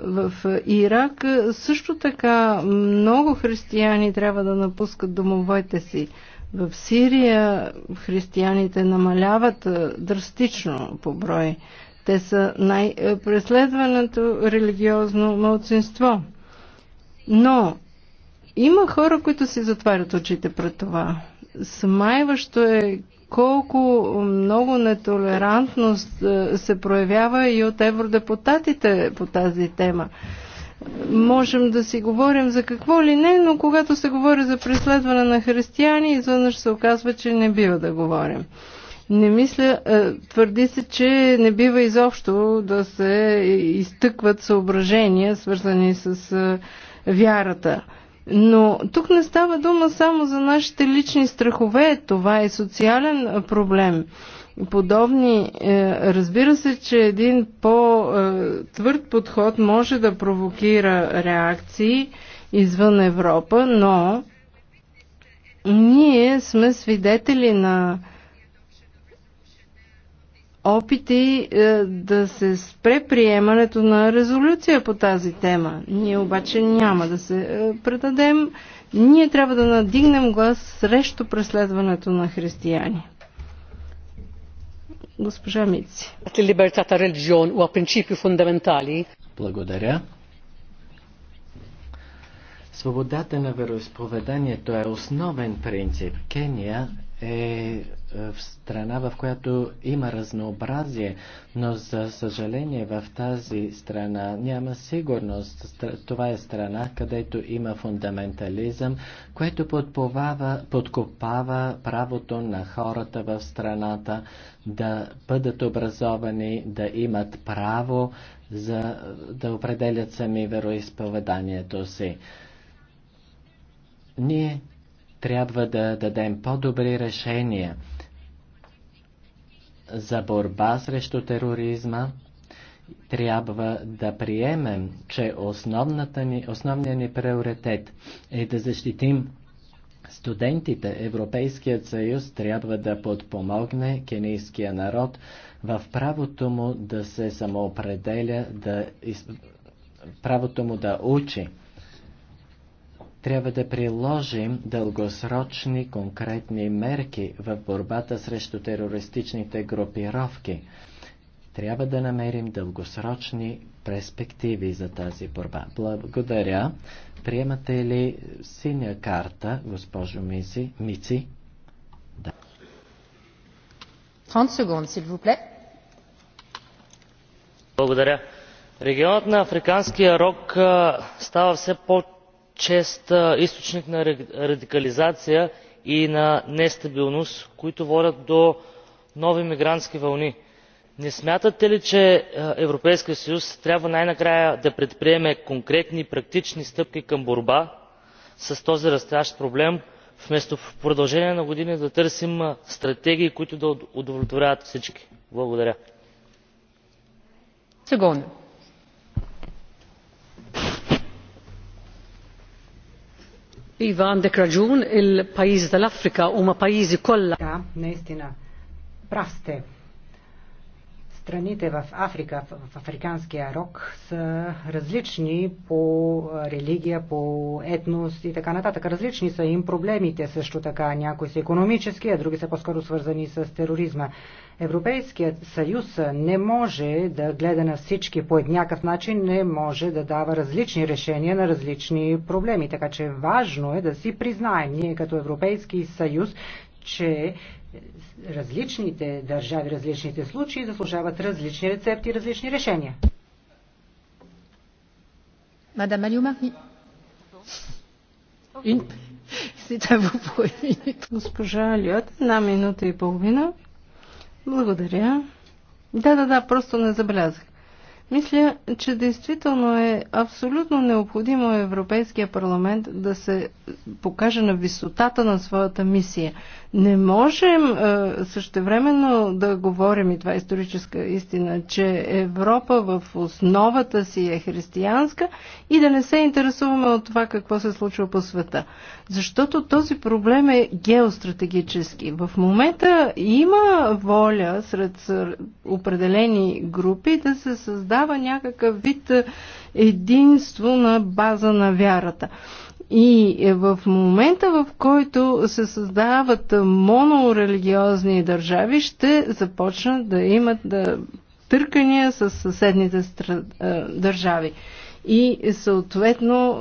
В Ирак също така много християни трябва да напускат домовете си. В Сирия християните намаляват драстично по брой. Те са най-преследваното религиозно мълцинство. Но има хора, които си затварят очите пред това. Смайващо е колко много нетолерантност е, се проявява и от евродепутатите по тази тема. Можем да си говорим за какво ли не, но когато се говори за преследване на християни, изведнъж се оказва, че не бива да говорим. Не мисля, е, твърди се, че не бива изобщо да се изтъкват съображения, свързани с е, вярата. Но тук не става дума само за нашите лични страхове, това е социален проблем. Подобни, е, разбира се, че един по-твърд подход може да провокира реакции извън Европа, но ние сме свидетели на опити е, да се спре приемането на резолюция по тази тема. Ние обаче няма да се е, предадем. Ние трябва да надигнем глас срещу преследването на християни. Госпожа Мици. Либертата религион у принципи фундаментали. Благодаря. Свободата на вероисповеданието е основен принцип. Кения е е, в страна, в която има разнообразие, но за съжаление в тази страна няма сигурност. Това е страна, където има фундаментализъм, което подкопава правото на хората в страната да бъдат образовани, да имат право за да определят сами вероисповеданието си. Ние трябва да дадем по-добри решения за борба срещу тероризма, трябва да приемем, че основната ни, основният ни приоритет е да защитим студентите. Европейският съюз трябва да подпомогне кенийския народ в правото му да се самоопределя, да, правото му да учи. Трябва да приложим дългосрочни конкретни мерки в борбата срещу терористичните групировки. Трябва да намерим дългосрочни перспективи за тази борба. Благодаря. Приемате ли синя карта, госпожо Мици? Мици? Да. 30 секунди, сил вупле. Благодаря. Регионът на Африканския рог става все по чест източник на радикализация и на нестабилност които водят до нови мигрантски вълни. не смятате ли че европейският съюз трябва най накрая да предприеме конкретни практични стъпки към борба с този растящ проблем вместо в продължение на години да търсим стратегии които да удовлетворяват всички? благодаря. Ива, għandek raġun, il-pajizi tal-Afrika huma pajjiżi kollha. Da, naistina. Страните в Африка, в Африканския рок, са различни по религия, по етнос и така нататък. Различни са им проблемите също така. Някои са економически, а други са по-скоро свързани с тероризма. Европейският съюз не може да гледа на всички по еднакъв начин, не може да дава различни решения на различни проблеми. Така че важно е да си признаем ние като Европейски съюз, че различните държави, различните случаи заслужават различни рецепти, различни решения. Мадам Алиумахни. Госпожа Алиот, една минута и половина. Благодаря. Да, да, да, просто не забелязах. Мисля, че действително е абсолютно необходимо Европейския парламент да се покаже на висотата на своята мисия. Не можем е, същевременно да говорим, и това е историческа истина, че Европа в основата си е християнска и да не се интересуваме от това какво се случва по света. Защото този проблем е геостратегически. В момента има воля сред определени групи да се създава създава някакъв вид е, единство на база на вярата. И е, в момента, в който се създават монорелигиозни държави, ще започнат да имат да търкания с съседните стра... Е, държави. И съответно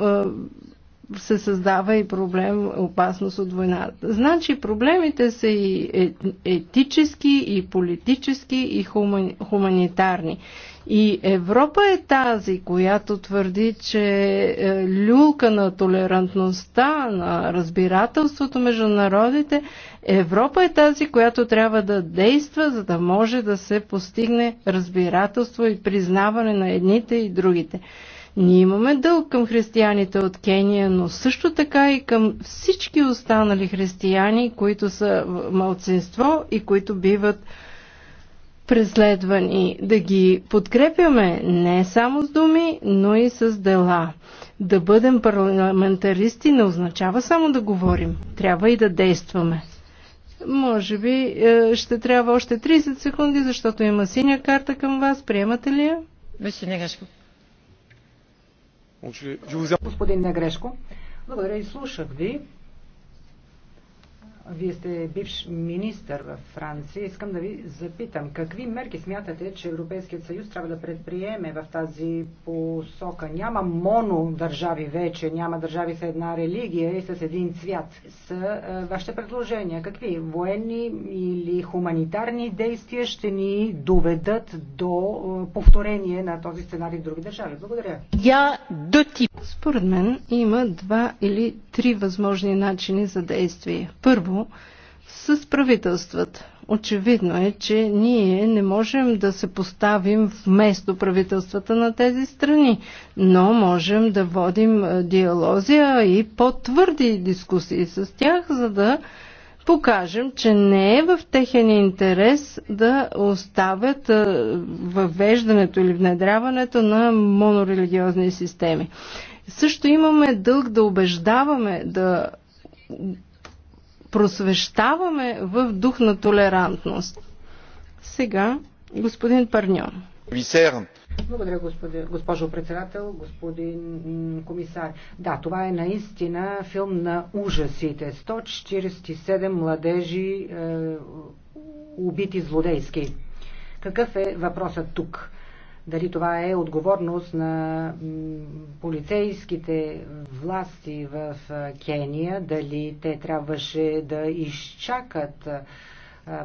се създава и проблем, опасност от война. Значи проблемите са и етически, и политически, и хуманитарни. И Европа е тази, която твърди, че е, люлка на толерантността, на разбирателството между народите, Европа е тази, която трябва да действа, за да може да се постигне разбирателство и признаване на едните и другите. Ние имаме дълг към християните от Кения, но също така и към всички останали християни, които са малцинство и които биват преследвани, да ги подкрепяме не само с думи, но и с дела. Да бъдем парламентаристи не означава само да говорим, трябва и да действаме. Може би е, ще трябва още 30 секунди, защото има синя карта към вас. Приемате ли я? не Господин Негрешко, благодаря и слушах ви. Вие сте бивш министър в Франция. Искам да ви запитам, какви мерки смятате, че Европейският съюз трябва да предприеме в тази посока? Няма моно държави вече, няма държави с една религия и с един цвят. С е, вашите предложения, какви военни или хуманитарни действия ще ни доведат до е, повторение на този сценарий в други държави? Благодаря. Я до тип. Според мен има два или три възможни начини за действие. Първо, само с правителствата. Очевидно е, че ние не можем да се поставим вместо правителствата на тези страни, но можем да водим е, диалозия и по-твърди дискусии с тях, за да покажем, че не е в техен интерес да оставят е, въвеждането или внедряването на монорелигиозни системи. Също имаме дълг да убеждаваме, да просвещаваме в дух на толерантност. Сега господин Парньон. Благодаря, господи, госпожо председател, господин комисар. Да, това е наистина филм на ужасите. 147 младежи е, убити злодейски. Какъв е въпросът тук? Дали това е отговорност на полицейските власти в Кения, дали те трябваше да изчакат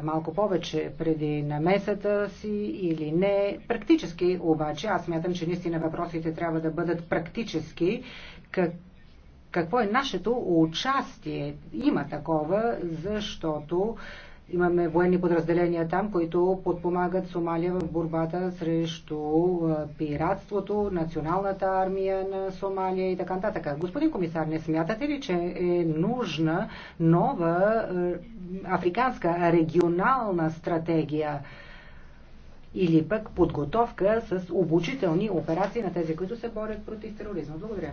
малко повече преди намесата си или не. Практически обаче, аз мятам, че наистина въпросите трябва да бъдат практически. Как, какво е нашето участие? Има такова, защото Имаме военни подразделения там, които подпомагат Сомалия в борбата срещу пиратството, националната армия на Сомалия и така нататък. Господин комисар, не смятате ли, че е нужна нова африканска регионална стратегия? или пък подготовка с обучителни операции на тези, които се борят против тероризма. Благодаря.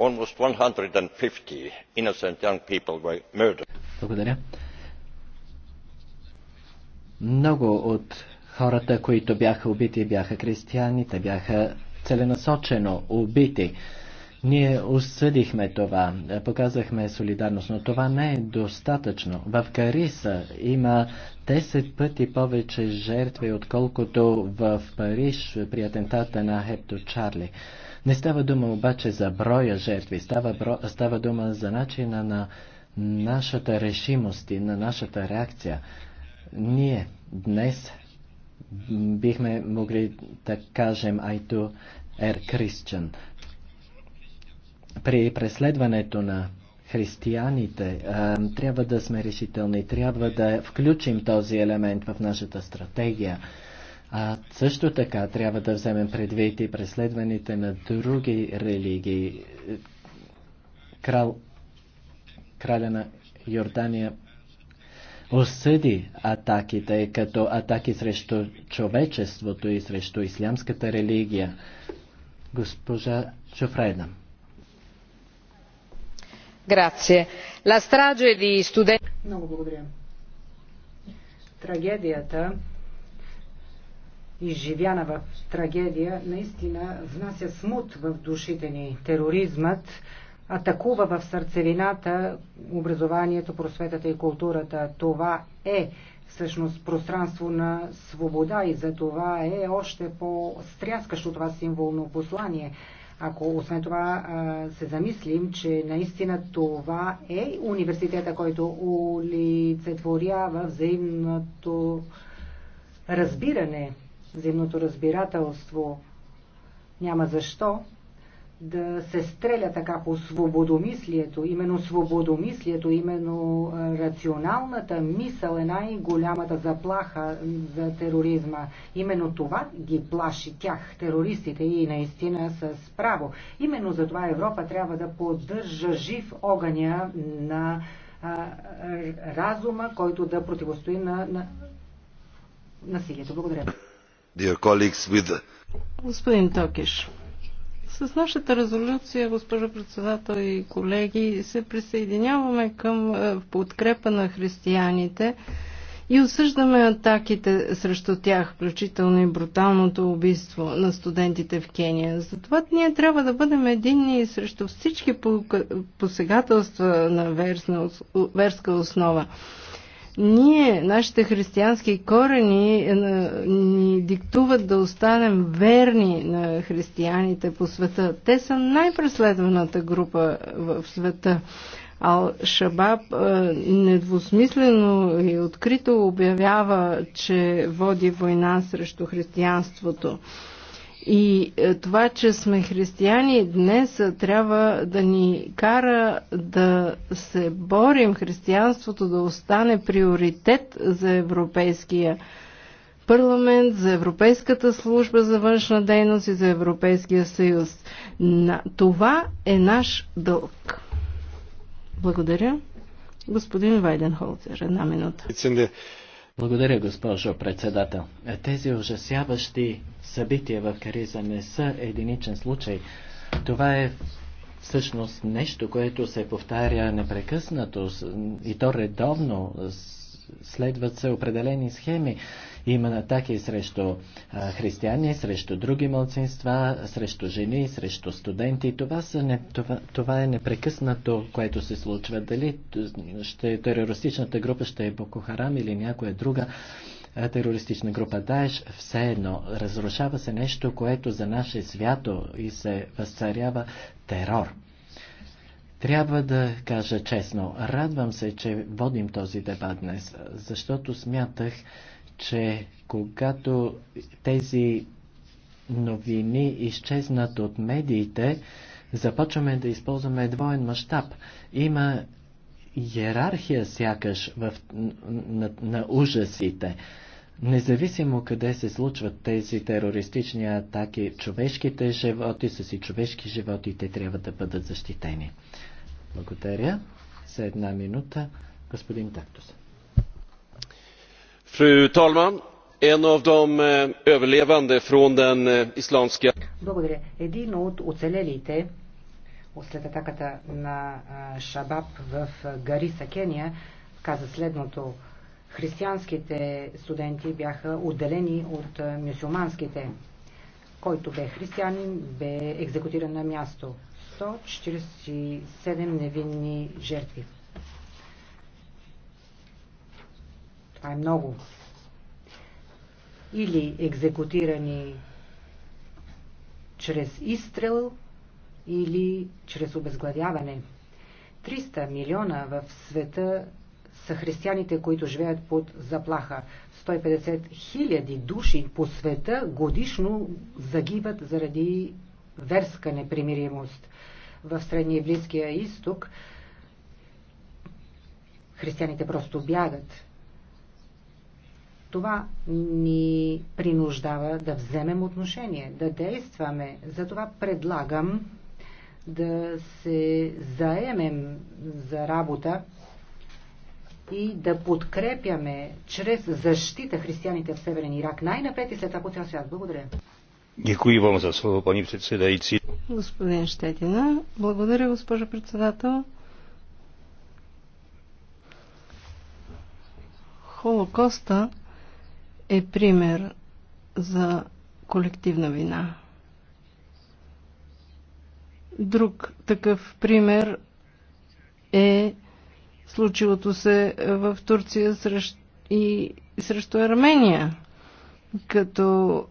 Almost fifty innocent young people were murdered. Благодаря. Много от хората, които бяха убити, бяха християни, те бяха целенасочено убити. Ние осъдихме това, показахме солидарност, но това не е достатъчно. В Кариса има 10 пъти повече жертви, отколкото в Париж при атентата на Хепто Чарли. Не става дума обаче за броя жертви, става, бро, става дума за начина на нашата решимост и на нашата реакция. Ние днес бихме могли да кажем Айто Ер Christian. При преследването на християните трябва да сме решителни, трябва да включим този елемент в нашата стратегия. А също така трябва да вземем предвид и преследваните на други религии. Крал, краля на Йордания осъди атаките като атаки срещу човечеството и срещу ислямската религия. Госпожа Чофрайна. Грация. La strage di студент... Много благодаря. Трагедията изживяна в трагедия, наистина внася смут в душите ни. Тероризмът атакува в сърцевината образованието, просветата и културата. Това е всъщност пространство на свобода и за това е още по-стряскащо това символно послание. Ако освен това се замислим, че наистина това е университета, който олицетворява взаимното разбиране взаимното разбирателство. Няма защо да се стреля така по свободомислието. Именно свободомислието, именно рационалната мисъл е най-голямата заплаха за тероризма. Именно това ги плаши тях, терористите и наистина с право. Именно за това Европа трябва да поддържа жив огъня на а, разума, който да противостои на, на насилието. Благодаря. Господин Токиш, с нашата резолюция, госпожо председател и колеги, се присъединяваме към е, подкрепа на християните и осъждаме атаките срещу тях, включително и бруталното убийство на студентите в Кения. Затова ние трябва да бъдем единни срещу всички посегателства на верска основа. Ние, нашите християнски корени е, ни диктуват да останем верни на християните по света. Те са най-преследваната група в света. Ал-Шабаб е, недвусмислено и открито обявява, че води война срещу християнството. И е, това, че сме християни днес, е, трябва да ни кара да се борим християнството да остане приоритет за Европейския парламент, за Европейската служба за външна дейност и за Европейския съюз. Това е наш дълг. Благодаря. Господин Вайденхолцер, една минута. Благодаря, госпожо председател. Е, тези ужасяващи събития в Кариза не са единичен случай. Това е всъщност нещо, което се повтаря непрекъснато и то редовно. Следват се определени схеми има атаки е срещу християни, срещу други мълцинства, срещу жени, срещу студенти. Това, са не, това, това е непрекъснато, което се случва. Дали ще, терористичната група ще е Боко Харам или някоя друга терористична група Даеш, все едно разрушава се нещо, което за наше свято и се възцарява терор. Трябва да кажа честно, радвам се, че водим този дебат днес, защото смятах, че когато тези новини изчезнат от медиите, започваме да използваме двоен мащаб. Има иерархия сякаш в, на, на ужасите. Независимо къде се случват тези терористични атаки, човешките животи са си човешки животи, те трябва да бъдат защитени. Благодаря. За една минута, господин Тактус. Fru talman! En av de eh, överlevande från den eh, islamska... Благодаря. Един от оцелелите след атаката на Шабаб в Гариса, Кения, каза следното. Християнските студенти бяха отделени от мюсюлманските. Който бе християнин, бе екзекутиран на място. 147 невинни жертви. това е много, или екзекутирани чрез изстрел или чрез обезглавяване. 300 милиона в света са християните, които живеят под заплаха. 150 хиляди души по света годишно загиват заради верска непримиримост. В Средния и Близкия изток християните просто бягат. Това ни принуждава да вземем отношение, да действаме. Затова предлагам да се заемем за работа и да подкрепяме чрез защита християните в Северен Ирак най-напред и след това по цял свят. Благодаря. Дякую вам за слово, пани председайци. Господин Щетина, благодаря, госпожа председател. Холокоста е пример за колективна вина. Друг такъв пример е случилото се в Турция срещ... и срещу Армения, като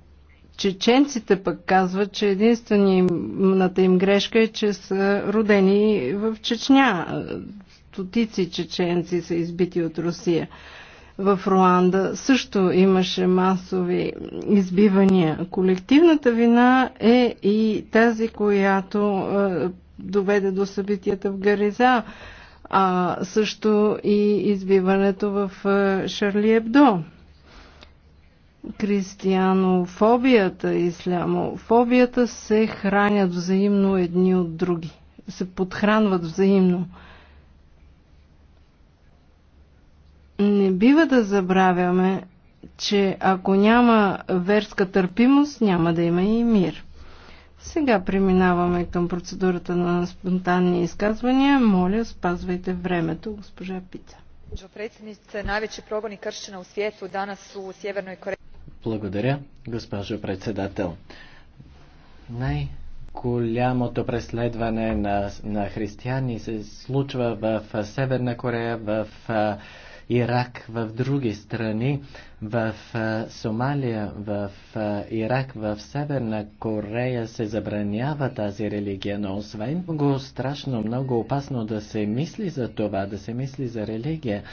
чеченците пък казват, че единствената им грешка е, че са родени в Чечня. Стотици чеченци са избити от Русия. В Руанда също имаше масови избивания. Колективната вина е и тази, която е, доведе до събитията в Гариза, а също и избиването в е, Шарли Ебдо християнофобията и ислямофобията се хранят взаимно едни от други, се подхранват взаимно. Не бива да забравяме, че ако няма верска търпимост, няма да има и мир. Сега преминаваме към процедурата на спонтанни изказвания. Моля, спазвайте времето, госпожа Пица. Благодаря, госпожо председател. Най-голямото преследване на, на християни се случва в Северна Корея, в Ирак, в други страни, в Сомалия, в Ирак, в Северна Корея се забранява тази религия, но освен го страшно много опасно да се мисли за това, да се мисли за религия.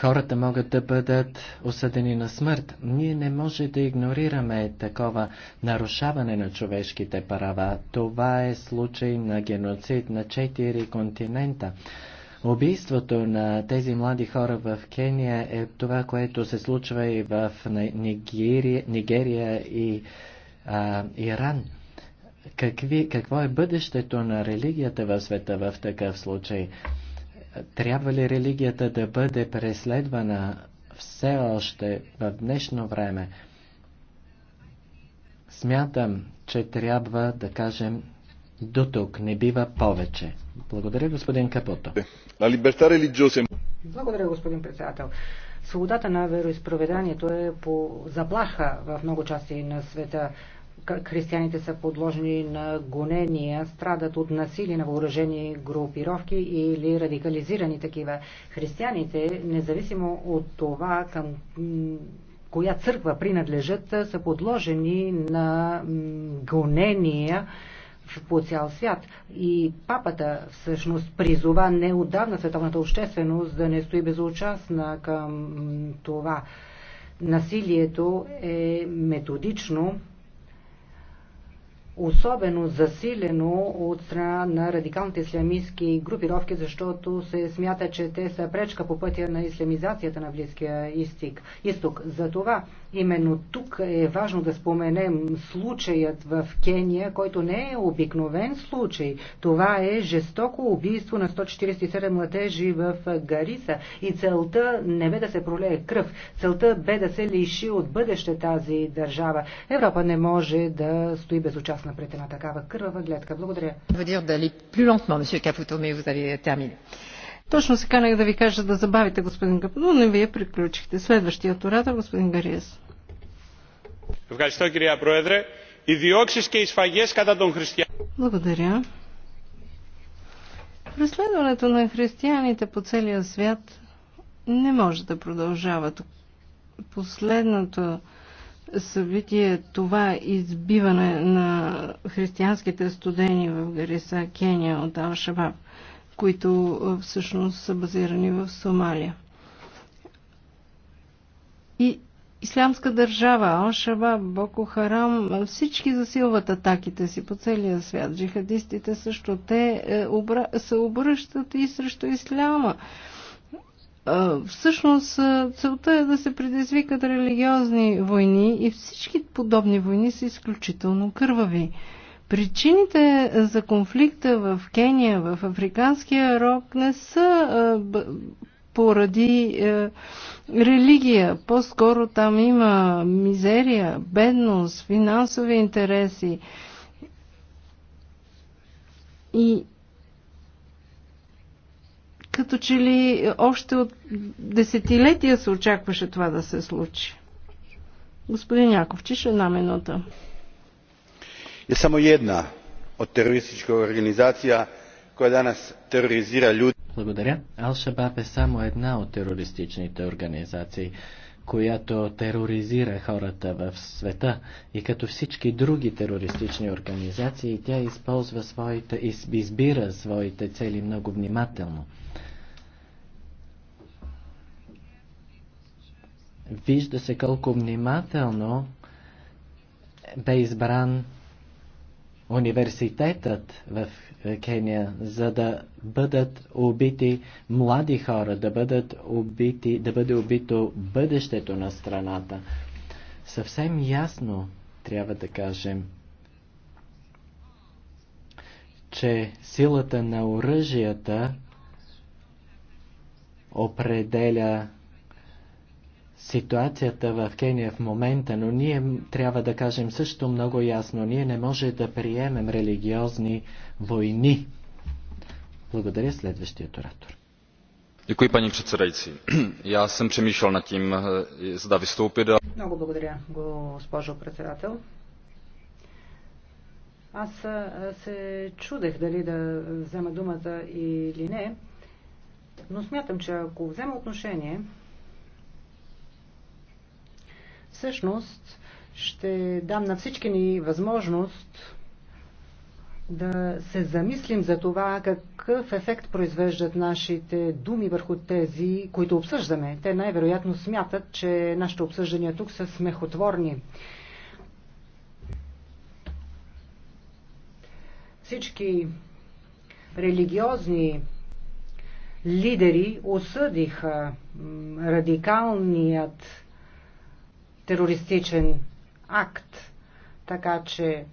Хората могат да бъдат осъдени на смърт. Ние не може да игнорираме такова нарушаване на човешките права. Това е случай на геноцид на четири континента. Убийството на тези млади хора в Кения е това, което се случва и в Нигерия, Нигерия и а, Иран. Какви, какво е бъдещето на религията в света в такъв случай? Трябва ли религията да бъде преследвана все още в днешно време? Смятам, че трябва да кажем до тук, не бива повече. Благодаря, господин Капото. Благодаря, господин председател. Свободата на вероисповеданието е по заплаха в много части на света. Християните са подложени на гонения, страдат от насилие на въоръжени групировки или радикализирани такива. Християните, независимо от това към коя църква принадлежат, са подложени на гонения по цял свят. И папата всъщност призова неодавна световната общественост да не стои безучастна към това. Насилието е методично особено засилено от страна на радикалните ислямистски групировки, защото се смята, че те са пречка по пътя на ислямизацията на Близкия изток. Затова Именно тук е важно да споменем случаят в Кения, който не е обикновен случай. Това е жестоко убийство на 147 младежи в Гариса и целта не бе да се пролее кръв. Целта бе да се лиши от бъдеще тази държава. Европа не може да стои безучастна пред една такава кървава гледка. Благодаря. Точно се канах да ви кажа да забавите, господин Капо, но вие приключихте. Следващият оратор, господин Гариес. Ευχαριστώ, κυρία Πρόεδρε. Οι διώξεις και οι σφαγές κατά των Благодаря. Преследването на християните по целия свят не може да продължава. Последното събитие, това избиване на християнските студени в Гариса, Кения от Алшабаб. шабаб които всъщност са базирани в Сомалия. И Ислямска държава, Ал-Шабаб, Боко Харам, всички засилват атаките си по целия свят. Джихадистите също те е, се обръщат и срещу Исляма. Всъщност целта е да се предизвикат религиозни войни и всички подобни войни са изключително кървави. Причините за конфликта в Кения, в Африканския рок не са поради е, религия. По-скоро там има мизерия, бедност, финансови интереси. И като че ли още от десетилетия се очакваше това да се случи. Господин Яковчиш, една минута je samo jedna od terorističkih organizacija koja danas terorizira ljude благодаря. Ал-Шабаб е само една от терористичните организации, която тероризира хората в света и като всички други терористични организации, тя използва своите, избира своите цели много внимателно. Вижда се колко внимателно бе избран университетът в Кения, за да бъдат убити млади хора, да, бъдат убити, да бъде убито бъдещето на страната. Съвсем ясно трябва да кажем, че силата на оръжията определя ситуацията в Кения в момента, но ние трябва да кажем също много ясно, ние не може да приемем религиозни войни. Благодаря следващия оратор. Děkuji, paní předsedající. [CLEARS THROAT] Já jsem přemýšlel nad tím, eh, zda vystoupit. A... Много благодаря, госпожо председател. Аз э, се чудех дали да взема думата или не, но смятам, че ако взема отношение, всъщност ще дам на всички ни възможност да се замислим за това какъв ефект произвеждат нашите думи върху тези, които обсъждаме. Те най-вероятно смятат, че нашите обсъждания тук са смехотворни. Всички религиозни лидери осъдиха радикалният терористичен акт. Така че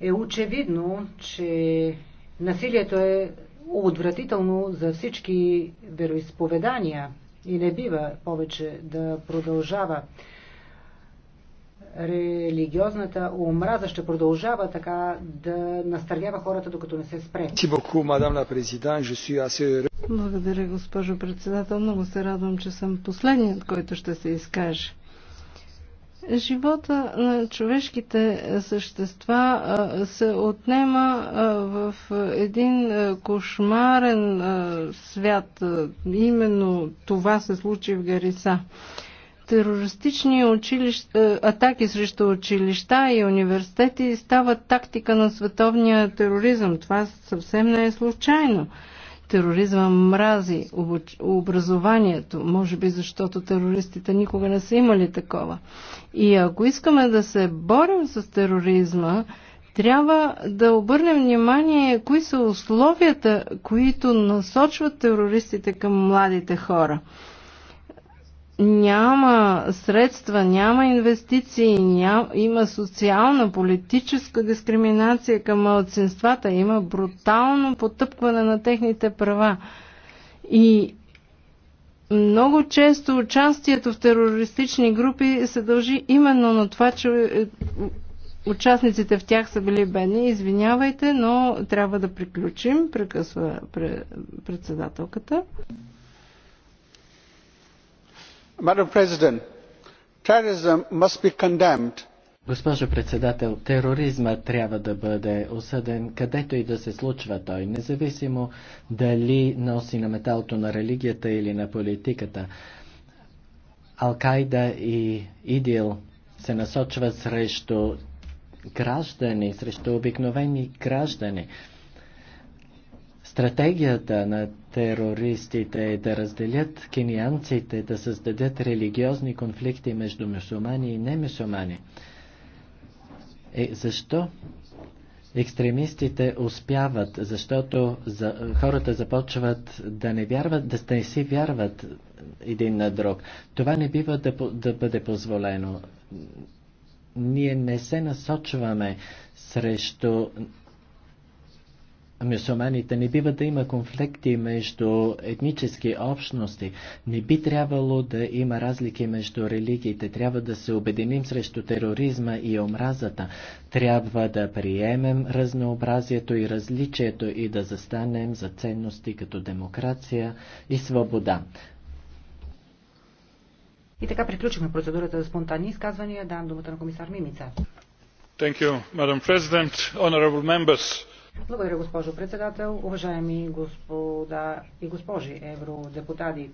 е очевидно, че насилието е отвратително за всички вероисповедания и не бива повече да продължава религиозната омраза ще продължава така да настървява хората, докато не се спре. Благодаря, госпожо председател. Много се радвам, че съм последният, който ще се изкаже. Живота на човешките същества се отнема в един кошмарен свят. Именно това се случи в Гариса терористични училища, е, атаки срещу училища и университети стават тактика на световния тероризъм. Това съвсем не е случайно. Тероризма мрази образованието, може би защото терористите никога не са имали такова. И ако искаме да се борим с тероризма, трябва да обърнем внимание кои са условията, които насочват терористите към младите хора няма средства, няма инвестиции, няма, има социална, политическа дискриминация към младсинствата, има брутално потъпкване на техните права. И много често участието в терористични групи се дължи именно на това, че е, участниците в тях са били бедни. Извинявайте, но трябва да приключим, прекъсва председателката. Madam President, terrorism must be condemned Госпожо председател, тероризма трябва да бъде осъден където и да се случва той, независимо дали носи на металото на религията или на политиката. Алкайда и Идил се насочват срещу граждани, срещу обикновени граждани. Стратегията на терористите е да разделят кенианците, да създадат религиозни конфликти между мусулмани и немусумани. Е, защо екстремистите успяват, защото за, хората започват да не вярват, да не си вярват един на друг. Това не бива да, да бъде позволено. Ние не се насочваме срещу мюсулманите. Не бива да има конфликти между етнически общности. Не би трябвало да има разлики между религиите. Трябва да се обединим срещу тероризма и омразата. Трябва да приемем разнообразието и различието и да застанем за ценности като демокрация и свобода. И така приключихме процедурата за спонтанни изказвания. Давам думата на комисар Мимица. Thank you, Madam President, honorable members. Благодаря, госпожо председател. Уважаеми господа и госпожи евродепутати.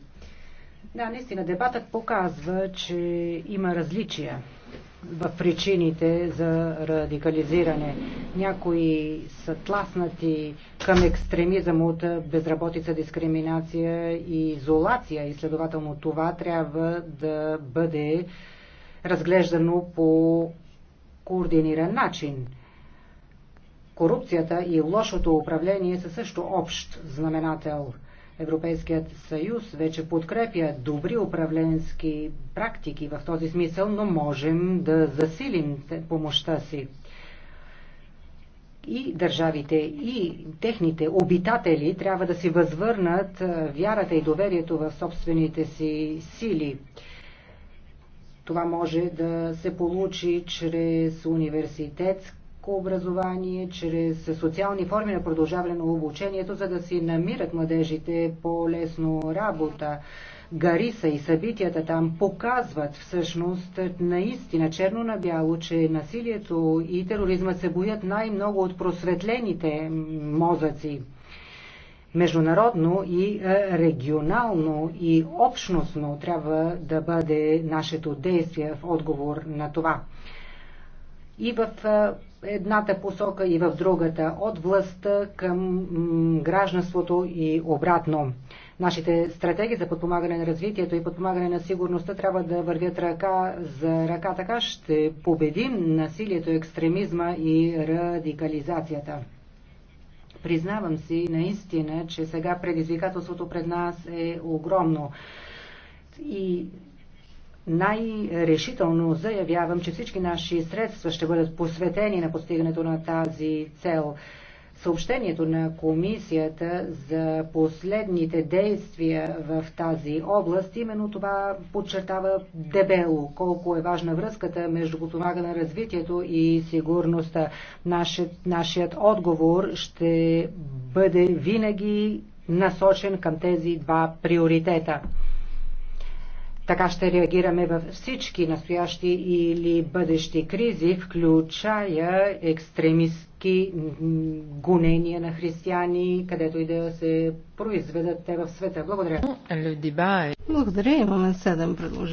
Да, наистина, дебатът показва, че има различия в причините за радикализиране. Някои са тласнати към екстремизъм от безработица, дискриминация и изолация и следователно това трябва да бъде разглеждано по координиран начин. Корупцията и лошото управление са също общ знаменател. Европейският съюз вече подкрепя добри управленски практики в този смисъл, но можем да засилим помощта си. И държавите, и техните обитатели трябва да си възвърнат вярата и доверието в собствените си сили. Това може да се получи чрез университетски образование, чрез социални форми на продължаване на обучението, за да си намират младежите по-лесно работа. Гариса и събитията там показват всъщност наистина черно на бяло, че насилието и тероризма се боят най-много от просветлените мозъци. Международно и е, регионално и общностно трябва да бъде нашето действие в отговор на това. И в е, едната посока и в другата, от властта към гражданството и обратно. Нашите стратегии за подпомагане на развитието и подпомагане на сигурността трябва да вървят ръка за ръка. Така ще победим насилието, екстремизма и радикализацията. Признавам си наистина, че сега предизвикателството пред нас е огромно. И най-решително заявявам, че всички наши средства ще бъдат посветени на постигането на тази цел. Съобщението на комисията за последните действия в тази област, именно това подчертава дебело колко е важна връзката между подпомагане на развитието и сигурността. Нашият, нашият отговор ще бъде винаги насочен към тези два приоритета. Така ще реагираме във всички настоящи или бъдещи кризи, включая екстремистки гонения на християни, където и да се произведат те в света. Благодаря. Благодаря. Имаме седем предложения.